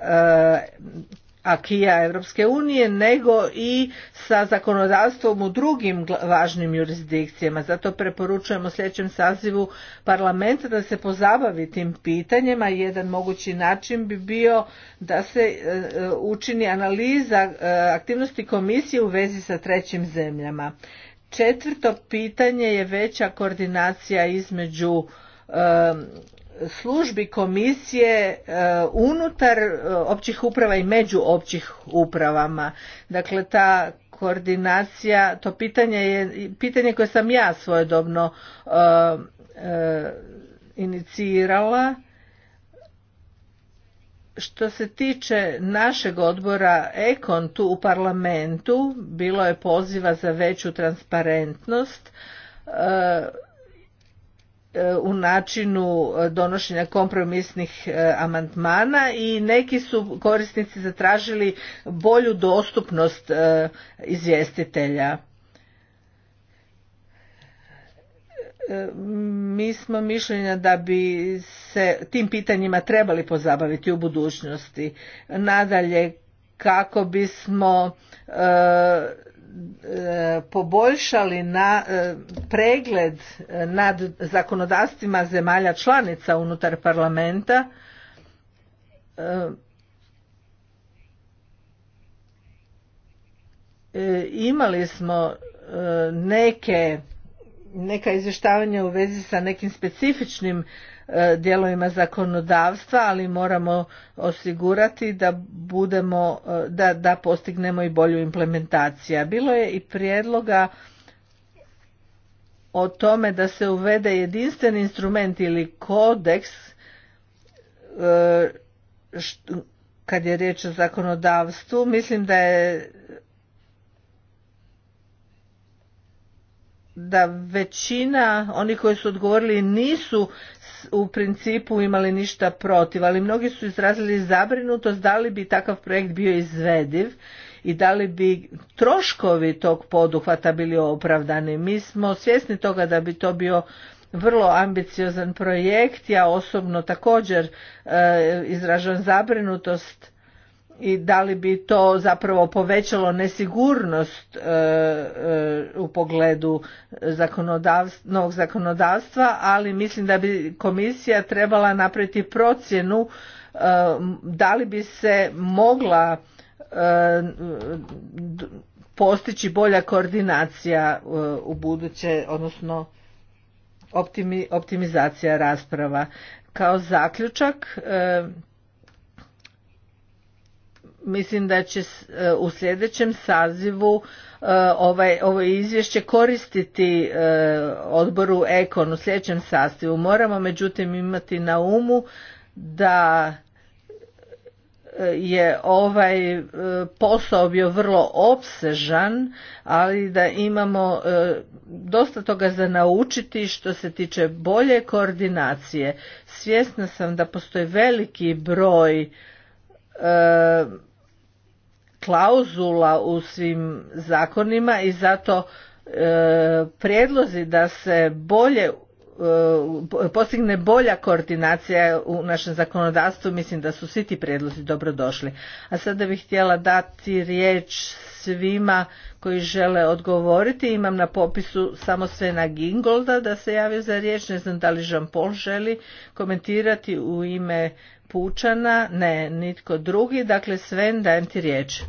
akija Europske unije nego i sa zakonodavstvom u drugim važnim jurisdikcijama. Zato preporučujemo sljedećem sazivu parlamenta da se pozabavi tim pitanjima. Jedan mogući način bi bio da se e, e, učini analiza aktivnosti komisije u vezi sa trećim zemljama. Četvrto pitanje je veća koordinacija između Um, službi komisije uh, unutar uh, općih uprava i među općih upravama. Dakle, ta koordinacija, to pitanje je pitanje koje sam ja svojedobno uh, inicirala. Što se tiče našeg odbora Ekon tu u parlamentu, bilo je poziva za veću transparentnost. E, u načinu e, donošenja kompromisnih e, amandmana i neki su korisnici zatražili bolju dostupnost izvjestitelja. Mi smo mišljenja da bi se tim pitanjima trebali pozabaviti u budućnosti. Nadalje, kako bismo E, poboljšali na e, pregled e, nad zakonodavstvima zemalja članica unutar parlamenta imali smo neke neka izvještavanja u vezi sa nekim specifičnim E, dijelovima zakonodavstva, ali moramo osigurati da budemo, e, da, da postignemo i bolju implementaciju. Bilo je i prijedloga o tome da se uvede jedinstven instrument ili kodeks e, kad je riječ o zakonodavstvu. Mislim da je da većina oni koji su odgovorili nisu u principu imali ništa protiv, ali mnogi su izrazili zabrinutost da li bi takav projekt bio izvediv i da li bi troškovi tog poduhvata bili opravdani. Mi smo svjesni toga da bi to bio vrlo ambiciozan projekt, ja osobno također e, izražam zabrinutost i da li bi to zapravo povećalo nesigurnost e, e, u pogledu novog zakonodavstva, ali mislim da bi komisija trebala napraviti procjenu e, da li bi se mogla postići bolja koordinacija u buduće, odnosno optimizacija rasprava. Kao zaključak mislim da će e, u sljedećem sazivu e, ovaj, ovo izvješće koristiti e, odboru Ekon u sljedećem sazivu. Moramo međutim imati na umu da je ovaj posao bio vrlo opsežan, ali da imamo dosta toga za naučiti što se tiče bolje koordinacije. Svjesna sam da postoji veliki broj klauzula u svim zakonima i zato e, prijedlozi da se bolje e, postigne bolja koordinacija u našem zakonodavstvu mislim da su svi ti prijedlozi dobrodošli. A sada bih htjela dati riječ svima koji žele odgovoriti. Imam na popisu samo Svena Gingolda da se javio za riječ. Ne znam da li Jean-Paul želi komentirati u ime Pučana. Ne, nitko drugi. Dakle, Sven, dajem ti riječ.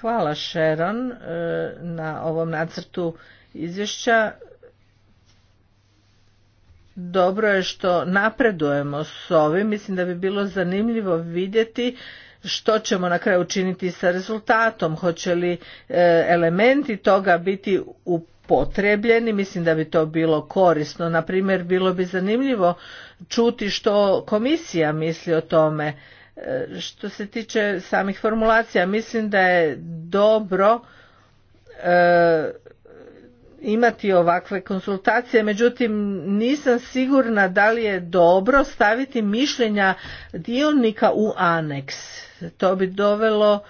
Hvala Sharon e, na ovom nacrtu izvješća. Dobro je što napredujemo s ovim. Mislim da bi bilo zanimljivo vidjeti što ćemo na kraju učiniti sa rezultatom, hoće li e, elementi toga biti upotrebljeni? mislim da bi to bilo korisno. Na primjer, bilo bi zanimljivo čuti što komisija misli o tome. E, što se tiče samih formulacija, mislim da je dobro e, imati ovakve konsultacije, međutim nisam sigurna da li je dobro staviti mišljenja dionika u aneks. To bi dovelo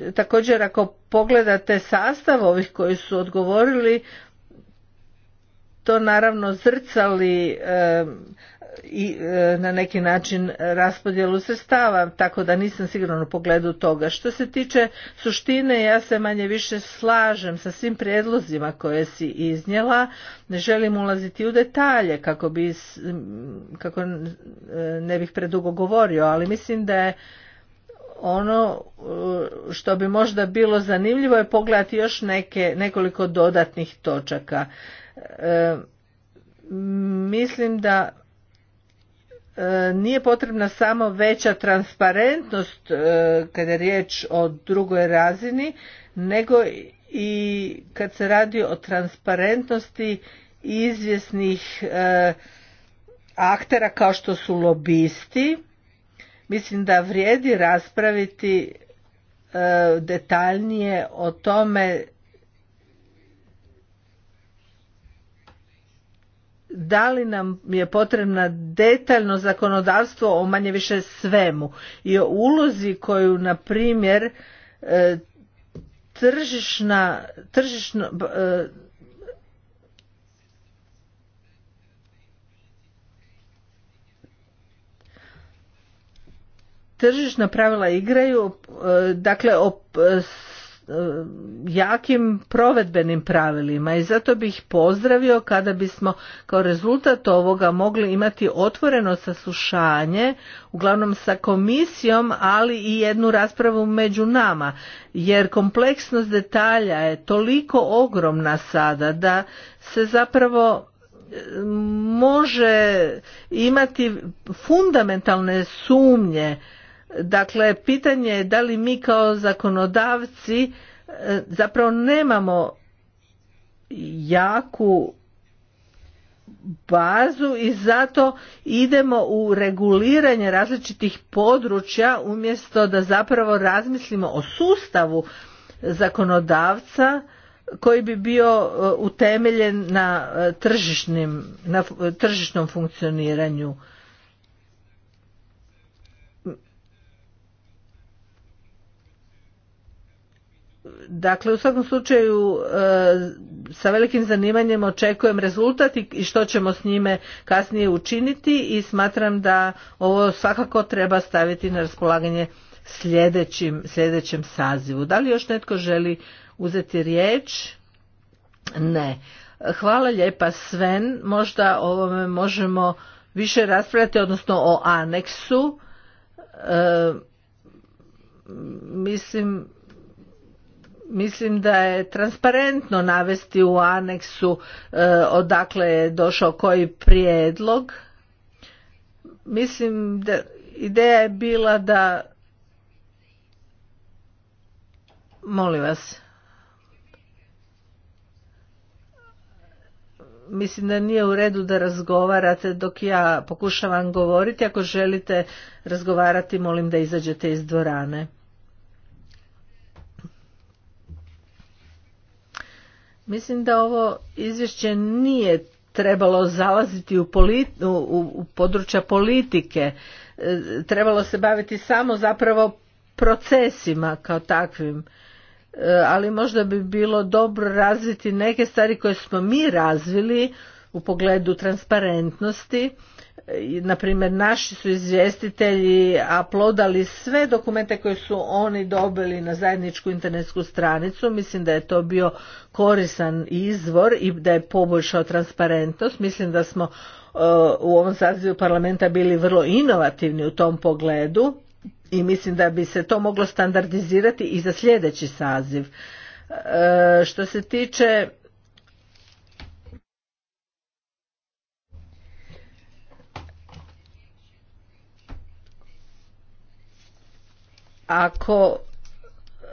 e, također ako pogledate sastav ovih koji su odgovorili to naravno zrcali e, i e, na neki način raspodjelu sredstava, tako da nisam sigurna u pogledu toga. Što se tiče suštine, ja se manje više slažem sa svim prijedlozima koje si iznijela. Ne želim ulaziti u detalje kako, bi, kako e, ne bih predugo govorio, ali mislim da je ono e, što bi možda bilo zanimljivo je pogledati još neke, nekoliko dodatnih točaka. mislim da E, nije potrebna samo veća transparentnost e, kada je riječ o drugoj razini, nego i kad se radi o transparentnosti izvjesnih e, aktera kao što su lobisti. Mislim da vrijedi raspraviti detaljnije o tome da li nam je potrebno detaljno zakonodavstvo o manje više svemu i o ulozi koju na primjer e, tržišna tržišno e, tržišna pravila igraju e, dakle o Eh, jakim provedbenim pravilima i zato bih pozdravio kada bismo kao rezultat ovoga mogli imati otvoreno saslušanje uglavnom sa komisijom ali i jednu raspravu među nama jer kompleksnost detalja je toliko ogromna sada da se zapravo eh, može imati fundamentalne sumnje Dakle, pitanje je da li mi kao zakonodavci e, zapravo nemamo jaku bazu i zato idemo u reguliranje različitih područja umjesto da zapravo razmislimo o sustavu zakonodavca koji bi bio e, utemeljen na e, na tržišnom funkcioniranju Dakle, u svakom slučaju e, sa velikim zanimanjem očekujem rezultat i što ćemo s njime kasnije učiniti i smatram da ovo svakako treba staviti na raspolaganje sljedećim, sljedećem sazivu. Da li još netko želi uzeti riječ? Ne. Hvala lijepa Sven. Možda ovome možemo više raspravljati, odnosno o aneksu. E, mislim mislim da je transparentno navesti u aneksu e, odakle je došao koji prijedlog. Mislim da ideja je bila da molim vas mislim da nije u redu da razgovarate dok ja pokušavam govoriti ako želite razgovarati molim da izađete iz dvorane Mislim da ovo izvješće nije trebalo zalaziti u, u, područja politike, e, trebalo se baviti samo zapravo procesima kao takvim, e, ali možda bi bilo dobro razviti neke stvari koje smo mi razvili u pogledu transparentnosti na primjer naši su izvjestitelji aplodali sve dokumente koje su oni dobili na zajedničku internetsku stranicu mislim da je to bio korisan izvor i da je poboljšao transparentnost mislim da smo uh, u ovom sazivu parlamenta bili vrlo inovativni u tom pogledu i mislim da bi se to moglo standardizirati i za sljedeći saziv uh, što se tiče Ako e,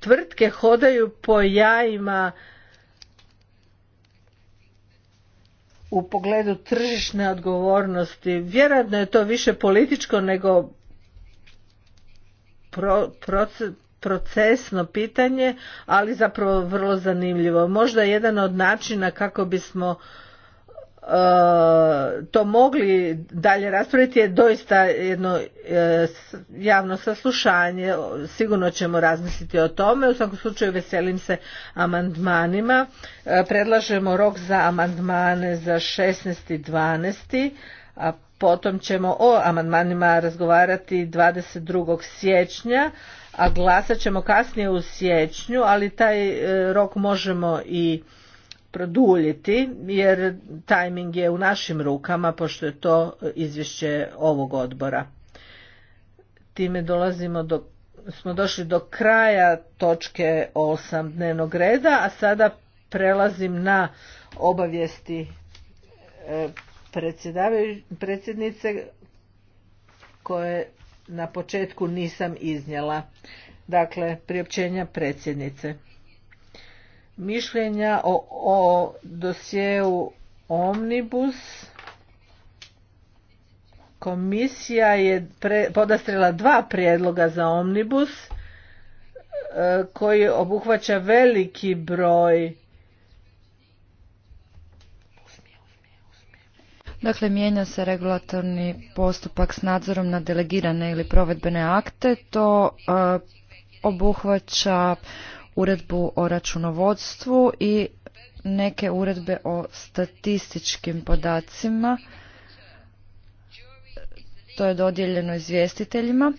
tvrtke hodaju po jajima u pogledu tržišne odgovornosti, vjerojatno je to više političko nego pro, procesno pitanje, ali zapravo vrlo zanimljivo. Možda jedan od načina kako bismo E, to mogli dalje raspraviti je doista jedno e, javno saslušanje. Sigurno ćemo razmisliti o tome. U svakom slučaju veselim se amandmanima. E, predlažemo rok za amandmane za 16.12. A potom ćemo o amandmanima razgovarati 22. siječnja a glasat ćemo kasnije u siječnju, ali taj rok možemo i produljiti jer tajming je u našim rukama pošto je to izvješće ovog odbora. Time dolazimo do smo došli do kraja točke 8 dnevnog reda, a sada prelazim na obavijesti e, predsjednice koje na početku nisam iznijela. Dakle, priopćenja predsjednice mišljenja o, o dosjeu Omnibus. Komisija je pre, podastrila dva prijedloga za Omnibus e, koji obuhvaća veliki broj Dakle, mijenja se regulatorni postupak s nadzorom na delegirane ili provedbene akte. To e, obuhvaća uredbu o računovodstvu i neke uredbe o statističkim podacima. To je dodijeljeno izvjestiteljima.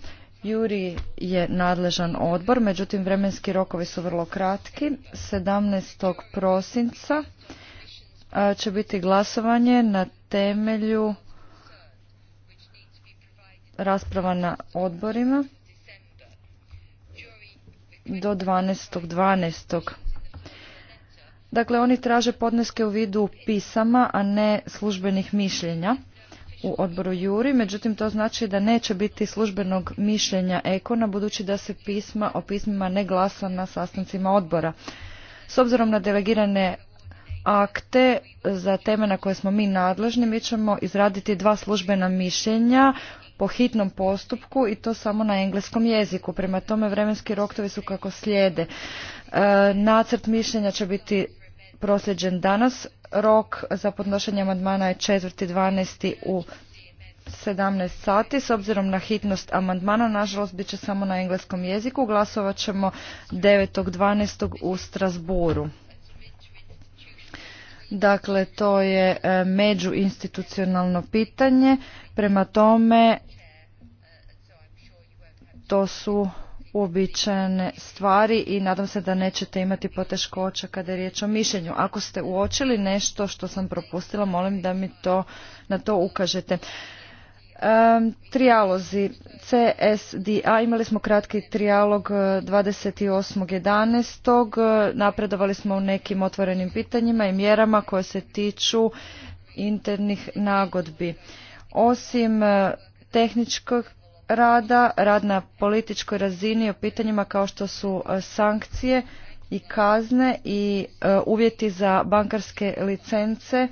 Juri je nadležan odbor, međutim vremenski rokovi su vrlo kratki. 17. prosinca će biti glasovanje na temelju rasprava na odborima do 12.12. Dakle, oni traže podneske u vidu pisama, a ne službenih mišljenja u odboru Juri, međutim to znači da neće biti službenog mišljenja Ekona budući da se pisma o pismima ne glasa na sastancima odbora. S obzirom na delegirane akte za teme na koje smo mi nadležni, mi ćemo izraditi dva službena mišljenja po hitnom postupku i to samo na engleskom jeziku. Prema tome vremenski roktovi su kako slijede. E, nacrt mišljenja će biti prosljeđen danas. Rok za podnošenje amandmana je 4.12. u 17 sati. S obzirom na hitnost amandmana, nažalost, bit će samo na engleskom jeziku. Glasovat ćemo 9.12. u Strasburu. Dakle, to je e, međuinstitucionalno pitanje. Prema tome, to su uobičajene stvari i nadam se da nećete imati poteškoća kada je riječ o mišljenju. Ako ste uočili nešto što sam propustila, molim da mi to na to ukažete trijalozi CSDA, imali smo kratki trijalog 28.11. E, e, napredovali smo u nekim otvorenim pitanjima i mjerama koje se tiču internih nagodbi. Osim e, tehničkog rada, rad na političkoj razini o pitanjima kao što su sankcije i kazne i uvjeti za bankarske licence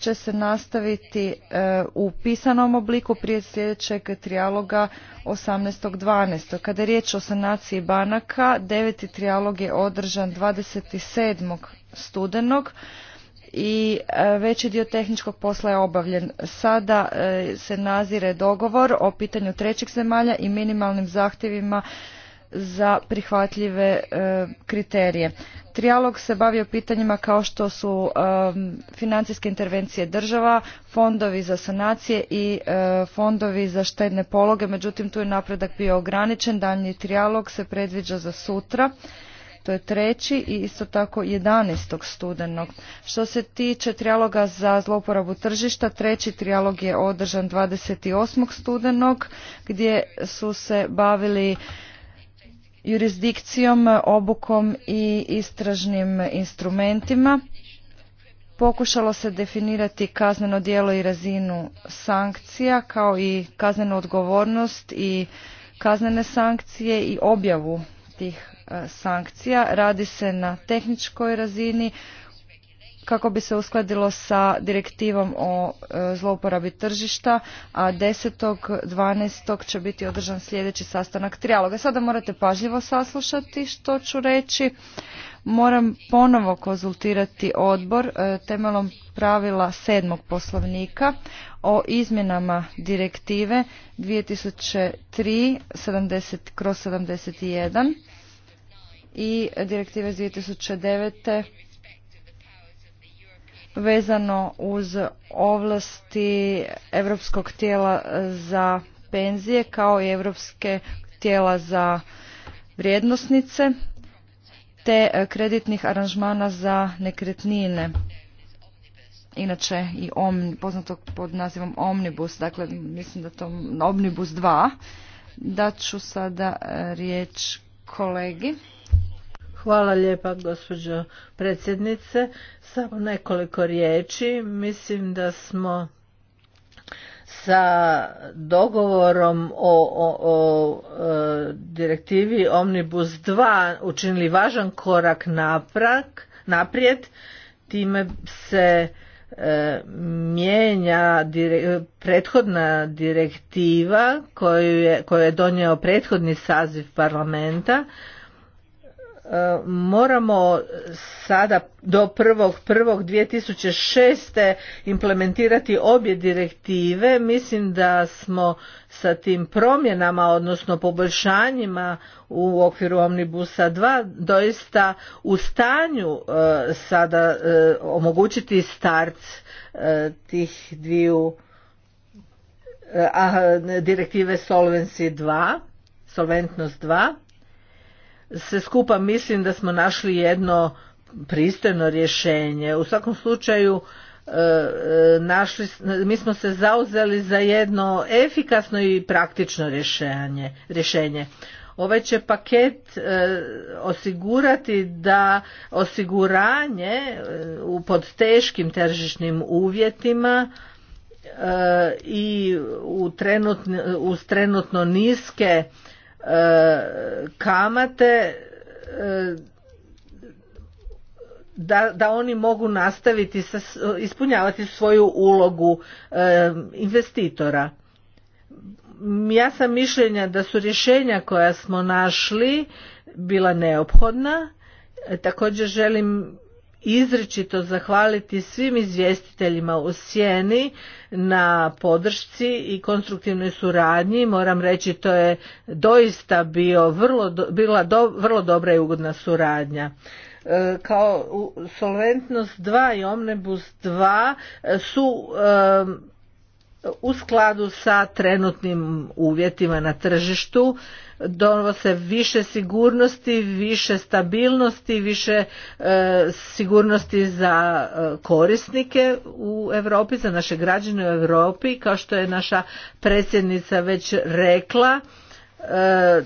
će se nastaviti e, u pisanom obliku prije sljedećeg trijaloga 18.12. Kada je riječ o sanaciji banaka, deveti trijalog je održan 27. studenog i e, veći dio tehničkog posla je obavljen. Sada e, se nazire dogovor o pitanju trećih zemalja i minimalnim zahtjevima za prihvatljive kriterije. Trijalog se bavio pitanjima kao što su um, financijske intervencije država, fondovi za sanacije i uh, fondovi za štedne pologe, međutim tu je napredak bio ograničen, daljnji trijalog se predviđa za sutra, to je treći i isto tako 11. studenog. Što se tiče trijaloga za zlouporabu tržišta, treći trijalog je održan 28. studenog gdje su se bavili jurisdikcijom, obukom i istražnim instrumentima. Pokušalo se definirati kazneno djelo i razinu sankcija kao i kaznenu odgovornost i kaznene sankcije i objavu tih e, sankcija. Radi se na tehničkoj razini, kako bi se uskladilo sa direktivom o e, zlouporabi tržišta, a 10.12. će biti održan sljedeći sastanak trijaloga. Sada morate pažljivo saslušati što ću reći. Moram ponovo konzultirati odbor e, temelom pravila sedmog poslovnika o izmjenama direktive 2003 kroz 71 i direktive 2009 vezano uz ovlasti Europskog tijela za penzije kao i Europske tijela za vrijednosnice te kreditnih aranžmana za nekretnine inače i om, poznatog pod nazivom Omnibus, dakle mislim da to Omnibus 2. Dat ću sada e, riječ kolegi. Hvala lijepa gospođo predsjednice. Samo nekoliko riječi. Mislim da smo sa dogovorom o, e, direktivi Omnibus 2 učinili važan korak naprak, naprijed. Time se e, mijenja prethodna direktiva koju je, koju je donio prethodni saziv parlamenta moramo sada do 1.1.2006. implementirati obje direktive. Mislim da smo sa tim promjenama, odnosno poboljšanjima u okviru Omnibusa 2 doista u stanju e, sada e, omogućiti start e, tih dviju direktive Solvency 2, Solventnost 2 se skupa mislim da smo našli jedno pristojno rješenje. U svakom slučaju e, e, našli, mi smo se zauzeli za jedno efikasno i praktično rješenje. rješenje. Ovaj će paket e, osigurati da osiguranje pod teškim tržišnim uvjetima i u trenutno, uz trenutno niske E, kamate e, da, da oni mogu nastaviti sa, ispunjavati svoju ulogu e, investitora ja sam mišljenja da su rješenja koja smo našli bila neophodna također želim izričito zahvaliti svim izvjestiteljima u sjeni na podršci i konstruktivnoj suradnji. Moram reći to je doista bio vrlo, bila vrlo dobra i ugodna suradnja. E, kao Solventnost 2 i Omnibus 2 su e, u skladu sa trenutnim uvjetima na tržištu donose više sigurnosti, više stabilnosti, više e, sigurnosti za e, korisnike u Europi, za naše građane u Europi, kao što je naša predsjednica već rekla e,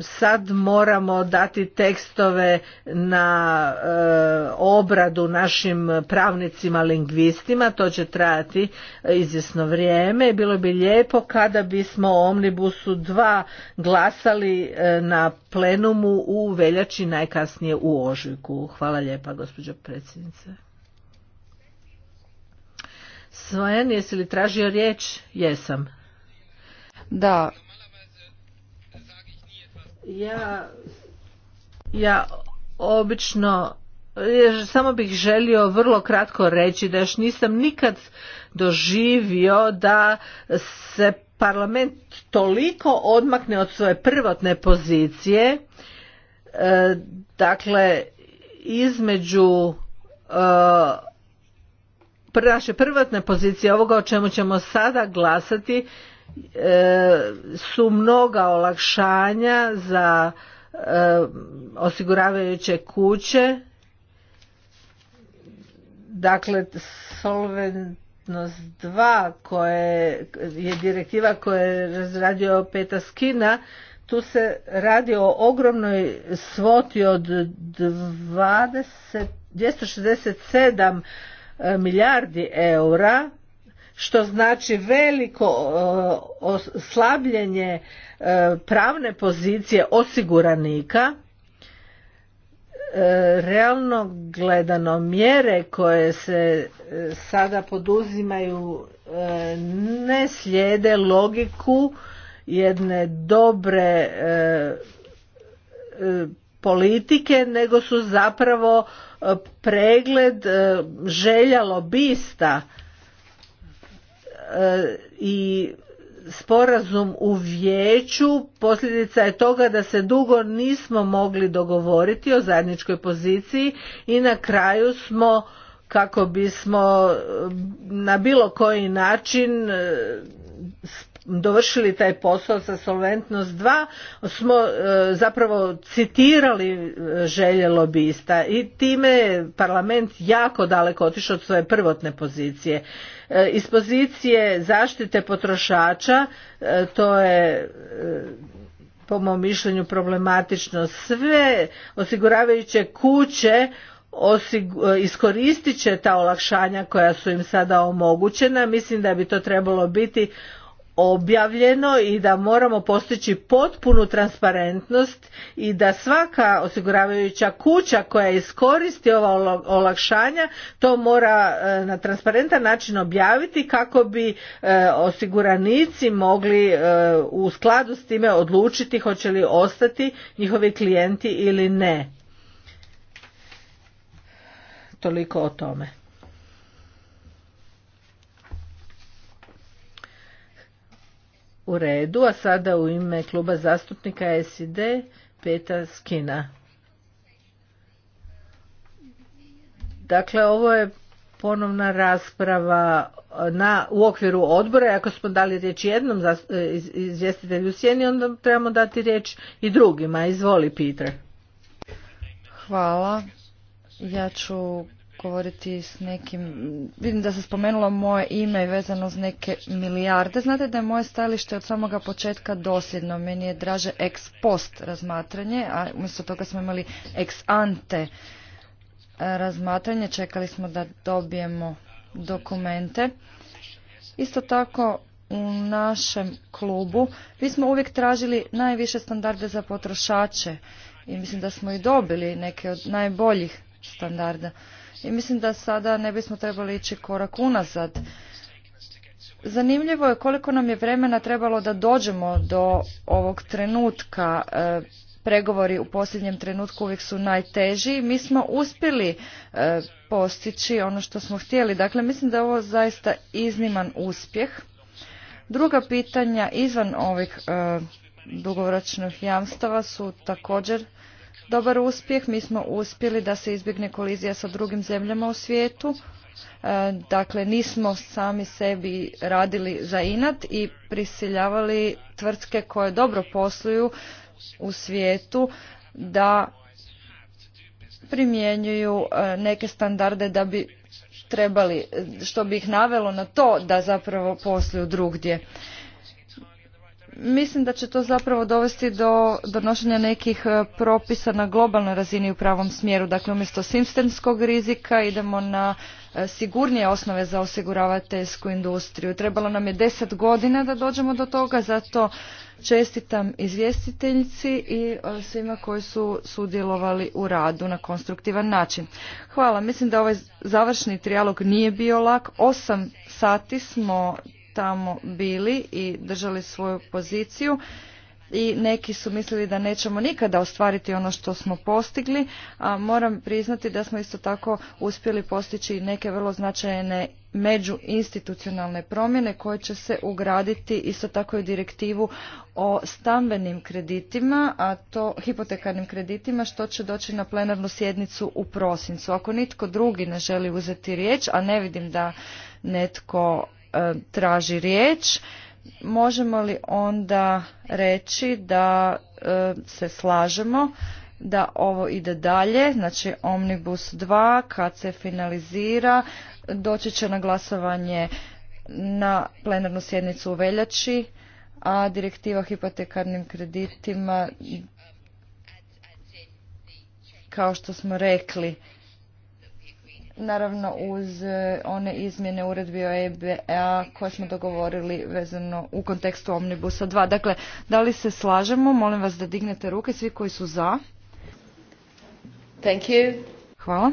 sad moramo dati tekstove na e, obradu našim pravnicima lingvistima to će trajati e, izvjesno vrijeme bilo bi lijepo kada bismo o omnibusu 2 glasali e, na plenumu u veljači najkasnije u ožujku hvala lijepa gospođo predsjednice Svojen, jesi li tražio riječ? Jesam. Da, ja, ja obično samo bih želio vrlo kratko reći da još nisam nikad doživio da se parlament toliko odmakne od svoje prvotne pozicije e, dakle između e, naše prvotne pozicije ovoga o čemu ćemo sada glasati E, su mnoga olakšanja za e, osiguravajuće kuće dakle solventnost 2 koje je direktiva koja je razradio Peta Skina tu se radi o ogromnoj svoti od 20, 267 e, milijardi eura što znači veliko e, oslabljenje e, pravne pozicije osiguranika e, realno gledano mjere koje se sada poduzimaju ne slijede logiku jedne dobre politike nego su zapravo pregled želja lobista E, i sporazum u vijeću posljedica je toga da se dugo nismo mogli dogovoriti o zajedničkoj poziciji i na kraju smo kako bismo e, na bilo koji način e, dovršili taj posao sa Solventnost dva, smo e, zapravo citirali e, želje lobista i time je parlament jako daleko otišao od svoje prvotne pozicije. E, iz pozicije zaštite potrošača to je po mom mišljenju problematično sve osiguravajuće kuće iskoristit će ta olakšanja koja su im sada omogućena mislim da bi to trebalo biti objavljeno i da moramo postići potpunu transparentnost i da svaka osiguravajuća kuća koja iskoristi ova olakšanja to mora e, na transparentan način objaviti kako bi e, osiguranici mogli e, u skladu s time odlučiti hoće li ostati njihovi klijenti ili ne. Toliko o tome. U redu, a sada u ime kluba zastupnika SID Peta Skina. Dakle, ovo je ponovna rasprava e, na, u okviru odbora. Ako smo dali riječ jednom e, izvjestitelju sjeni, onda trebamo dati riječ i drugima. Izvoli, Peter. Hvala. Ja ću govoriti s nekim, vidim da se spomenulo moje ime vezano uz neke milijarde. Znate da je moje stajalište od samoga početka dosljedno. Meni je draže ex post razmatranje, a umjesto toga smo imali ex ante razmatranje. Čekali smo da dobijemo dokumente. Isto tako u našem klubu mi smo uvijek tražili najviše standarde za potrošače i mislim da smo i dobili neke od najboljih standarda i mislim da sada ne bismo trebali ići korak unazad. Zanimljivo je koliko nam je vremena trebalo da dođemo do ovog trenutka. E, pregovori u posljednjem trenutku uvijek su najteži. Mi smo uspjeli e, postići ono što smo htjeli. Dakle, mislim da je ovo zaista izniman uspjeh. Druga pitanja izvan ovih e, dugovračnih jamstava su također dobar uspjeh. Mi smo uspjeli da se izbjegne kolizija sa drugim zemljama u svijetu. E, dakle, nismo sami sebi radili za inat i prisiljavali tvrtke koje dobro posluju u svijetu da primjenjuju e, neke standarde da bi trebali, što bi ih navelo na to da zapravo posluju drugdje. Mislim da će to zapravo dovesti do donošenja nekih e, propisa na globalnoj razini u pravom smjeru. Dakle, umjesto sistemskog rizika idemo na e, sigurnije osnove za osiguravateljsku industriju. Trebalo nam je deset godina da dođemo do toga, zato čestitam izvjestiteljici i e, svima koji su sudjelovali u radu na konstruktivan način. Hvala, mislim da ovaj završni trijalog nije bio lak. Osam sati smo tamo bili i držali svoju poziciju i neki su mislili da nećemo nikada ostvariti ono što smo postigli, a moram priznati da smo isto tako uspjeli postići neke vrlo značajne međuinstitucionalne promjene koje će se ugraditi isto tako i direktivu o stambenim kreditima, a to hipotekarnim kreditima što će doći na plenarnu sjednicu u prosincu. Ako nitko drugi ne želi uzeti riječ, a ne vidim da netko E, traži riječ. Možemo li onda reći da e, se slažemo da ovo ide dalje, znači Omnibus 2 kad se finalizira doći će na glasovanje na plenarnu sjednicu u veljači, a direktiva o hipotekarnim kreditima kao što smo rekli naravno uz e, one izmjene uredbi o EBA koje smo dogovorili vezano u kontekstu Omnibusa 2. Dakle, da li se slažemo? Molim vas da dignete ruke, svi koji su za. Thank you. Hvala.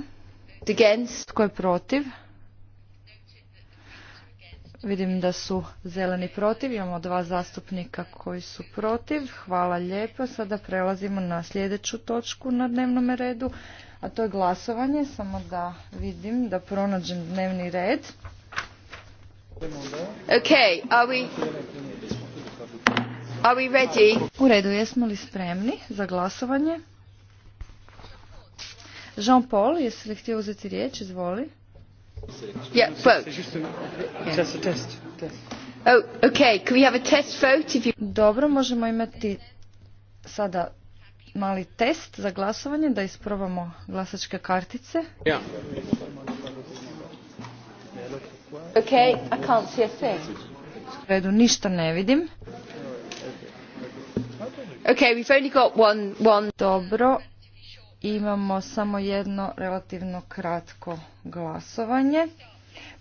Against. Tko je protiv? Vidim da su zeleni protiv. Imamo dva zastupnika koji su protiv. Hvala lijepo. Sada prelazimo na sljedeću točku na dnevnom redu a to je glasovanje, samo da vidim, da pronađem dnevni red. ok are we, are we ready? U redu, jesmo li spremni za glasovanje? Jean-Paul, jesi li htio uzeti riječ? Izvoli. test. Dobro, možemo imati sada mali test za glasovanje, da isprobamo glasačke kartice. Ja. Okay, I can't see a thing. U redu, ništa ne vidim. Okay, we've only got one, Dobro, imamo samo jedno relativno kratko glasovanje.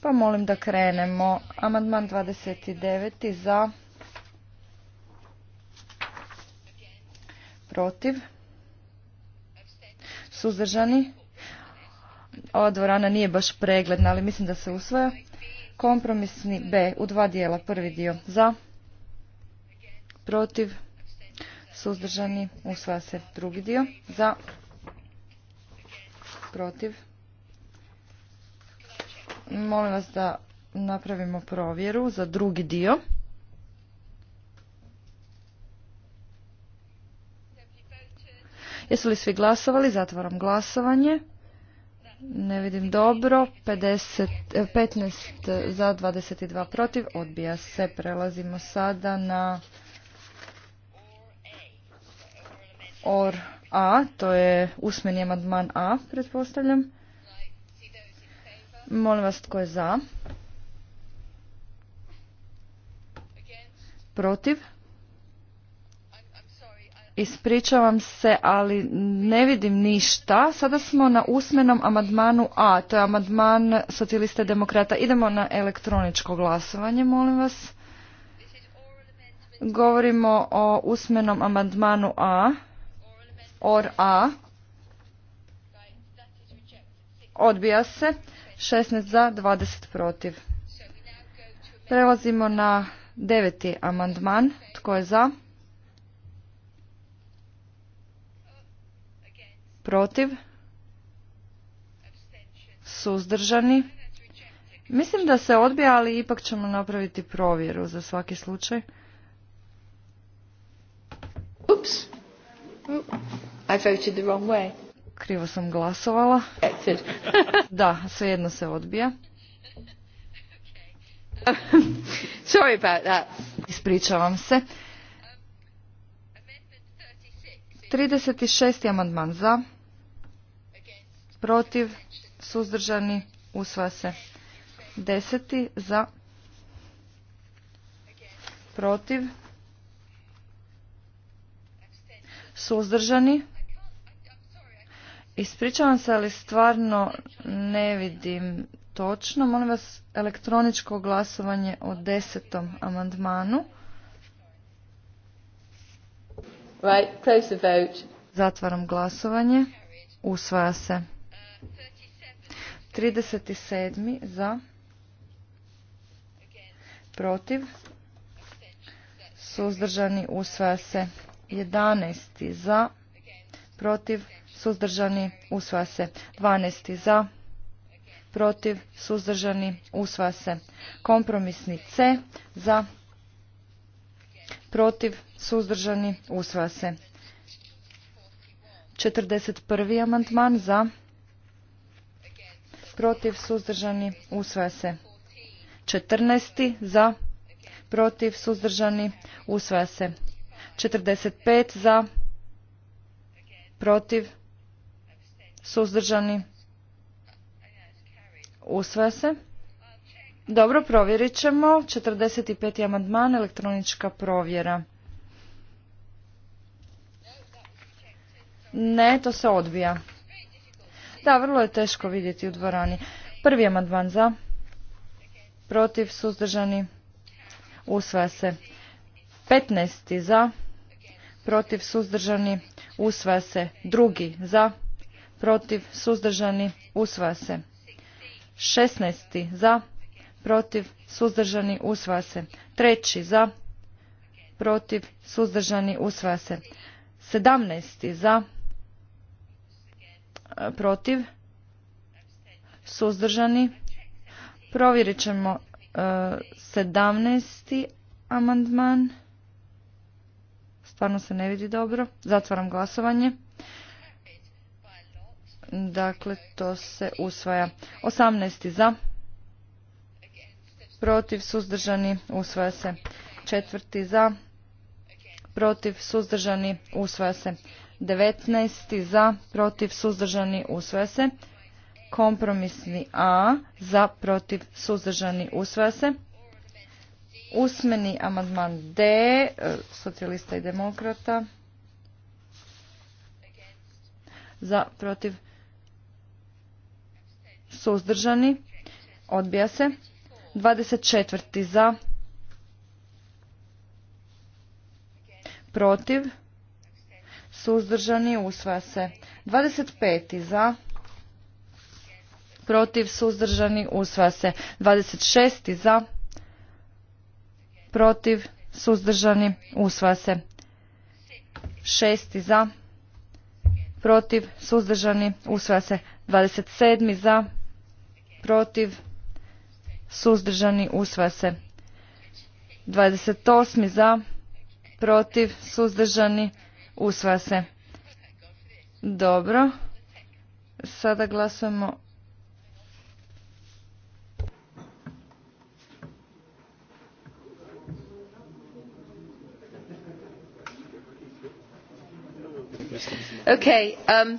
Pa molim da krenemo. Amandman 29. za protiv, suzdržani. Ova dvorana nije baš pregledna, ali mislim da se usvaja. Kompromisni B u dva dijela. Prvi dio za, protiv, suzdržani, usvaja se drugi dio. Za, protiv. Molim vas da napravimo provjeru za drugi dio. Jesu li svi glasovali? Zatvaram glasovanje. Ne vidim dobro. 50, 15 e, za, 22 protiv. Odbija se. Prelazimo sada na OR A. To je usmeni amandman A, pretpostavljam. Molim vas tko je za? Protiv? Ispričavam se, ali ne vidim ništa. Sada smo na usmenom amandmanu A, to je amandman Socijaliste demokrata. Idemo na elektroničko glasovanje, molim vas. Govorimo o usmenom amandmanu A, OR A. Odbija se. 16 za, 20 protiv. Prelazimo na deveti amandman. Tko je za? protiv, suzdržani. Mislim da se odbija, ali ipak ćemo napraviti provjeru za svaki slučaj. Ups. I voted the wrong way. Krivo sam glasovala. [LAUGHS] Da, svejedno se odbija. [LAUGHS] Sorry about that. Ispričavam se. 36. amandman za, protiv, suzdržani, usva se. Deseti za, protiv, suzdržani. Ispričavam se, ali stvarno ne vidim točno. Molim vas elektroničko glasovanje o desetom amandmanu. Right, close the vote. Zatvaram glasovanje. Usvaja se. 37. za protiv suzdržani usvaja se 11. za protiv suzdržani usvaja se 12. za protiv suzdržani usvaja se kompromisni C za protiv suzdržani usvaja se 41. amandman za protiv, suzdržani, usvaja se. 14. za, protiv, suzdržani, usvaja se. 45 za, protiv, suzdržani, usvaja se. Dobro, provjerit ćemo. 45. amandman, elektronička provjera. Ne, to se odbija. Da, vrlo je teško vidjeti u dvorani. Prvi amandman za, protiv, suzdržani, usvaja se. 15. za, protiv, suzdržani, usvaja se. Drugi za, protiv, suzdržani, usvaja se. 16. za, protiv, suzdržani, usvaja se. Treći za, protiv, suzdržani, usvaja se. 17. za, protiv, suzdržani. Provjerit ćemo 17. E, amandman. Stvarno se ne vidi dobro. Zatvaram glasovanje. Dakle, to se usvaja. 18. za. Protiv, suzdržani, usvaja se. Četvrti za. Protiv, suzdržani, usvaja se. 19. za, protiv, suzdržani, usvaja se. Kompromisni A za, protiv, suzdržani, usvaja se. Usmeni amandman D, e, socijalista i demokrata. Za, protiv, suzdržani, odbija se. 24. za, protiv, suzdržani, usvaja se. 25. za, protiv, suzdržani, usvaja se. 26. za, protiv, suzdržani, usvaja se. 6. za, protiv, suzdržani, usvaja se. 27. za, protiv, suzdržani, usvaja se. 28. za, protiv, suzdržani, usvaja se. Usvaja se. Dobro. Sada glasujemo Okay, um,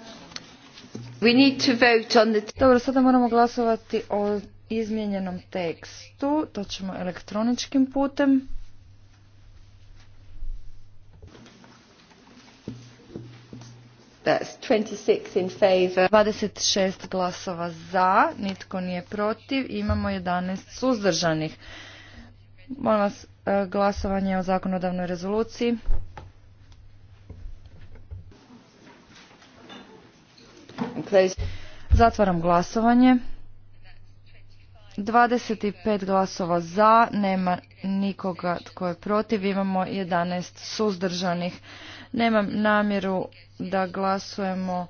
Dobro, sada moramo glasovati o izmijenjenom tekstu. To ćemo elektroničkim putem. 26 in 26 glasova za, nitko nije protiv, imamo 11 suzdržanih. Molim vas e, glasovanje o zakonodavnoj rezoluciji. Zatvaram glasovanje. 25 glasova za, nema nikoga tko je protiv, imamo 11 suzdržanih. Nemam namjeru da glasujemo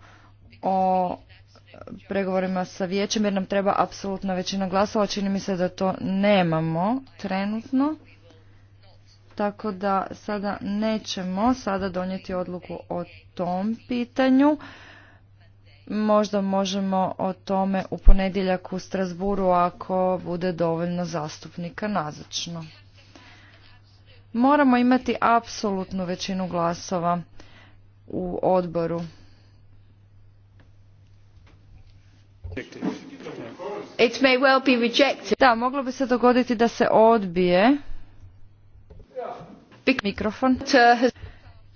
o pregovorima sa vijećem jer nam treba apsolutna većina glasova. Čini mi se da to nemamo trenutno. Tako da sada nećemo sada donijeti odluku o tom pitanju. Možda možemo o tome u ponedjeljak u Strasburu ako bude dovoljno zastupnika nazočno moramo imati apsolutnu većinu glasova u odboru. It may well be rejected. Da, moglo bi se dogoditi da se odbije. Mikrofon.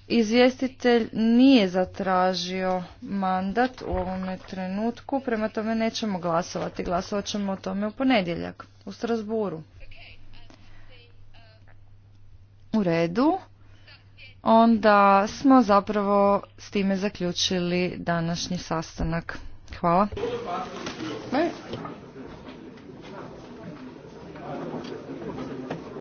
Izvjestitelj nije zatražio mandat u ovome trenutku, prema tome nećemo glasovati. Glasovat ćemo o tome u ponedjeljak u Strasburu. U redu. Onda smo zapravo s time zaključili današnji sastanak. Hvala.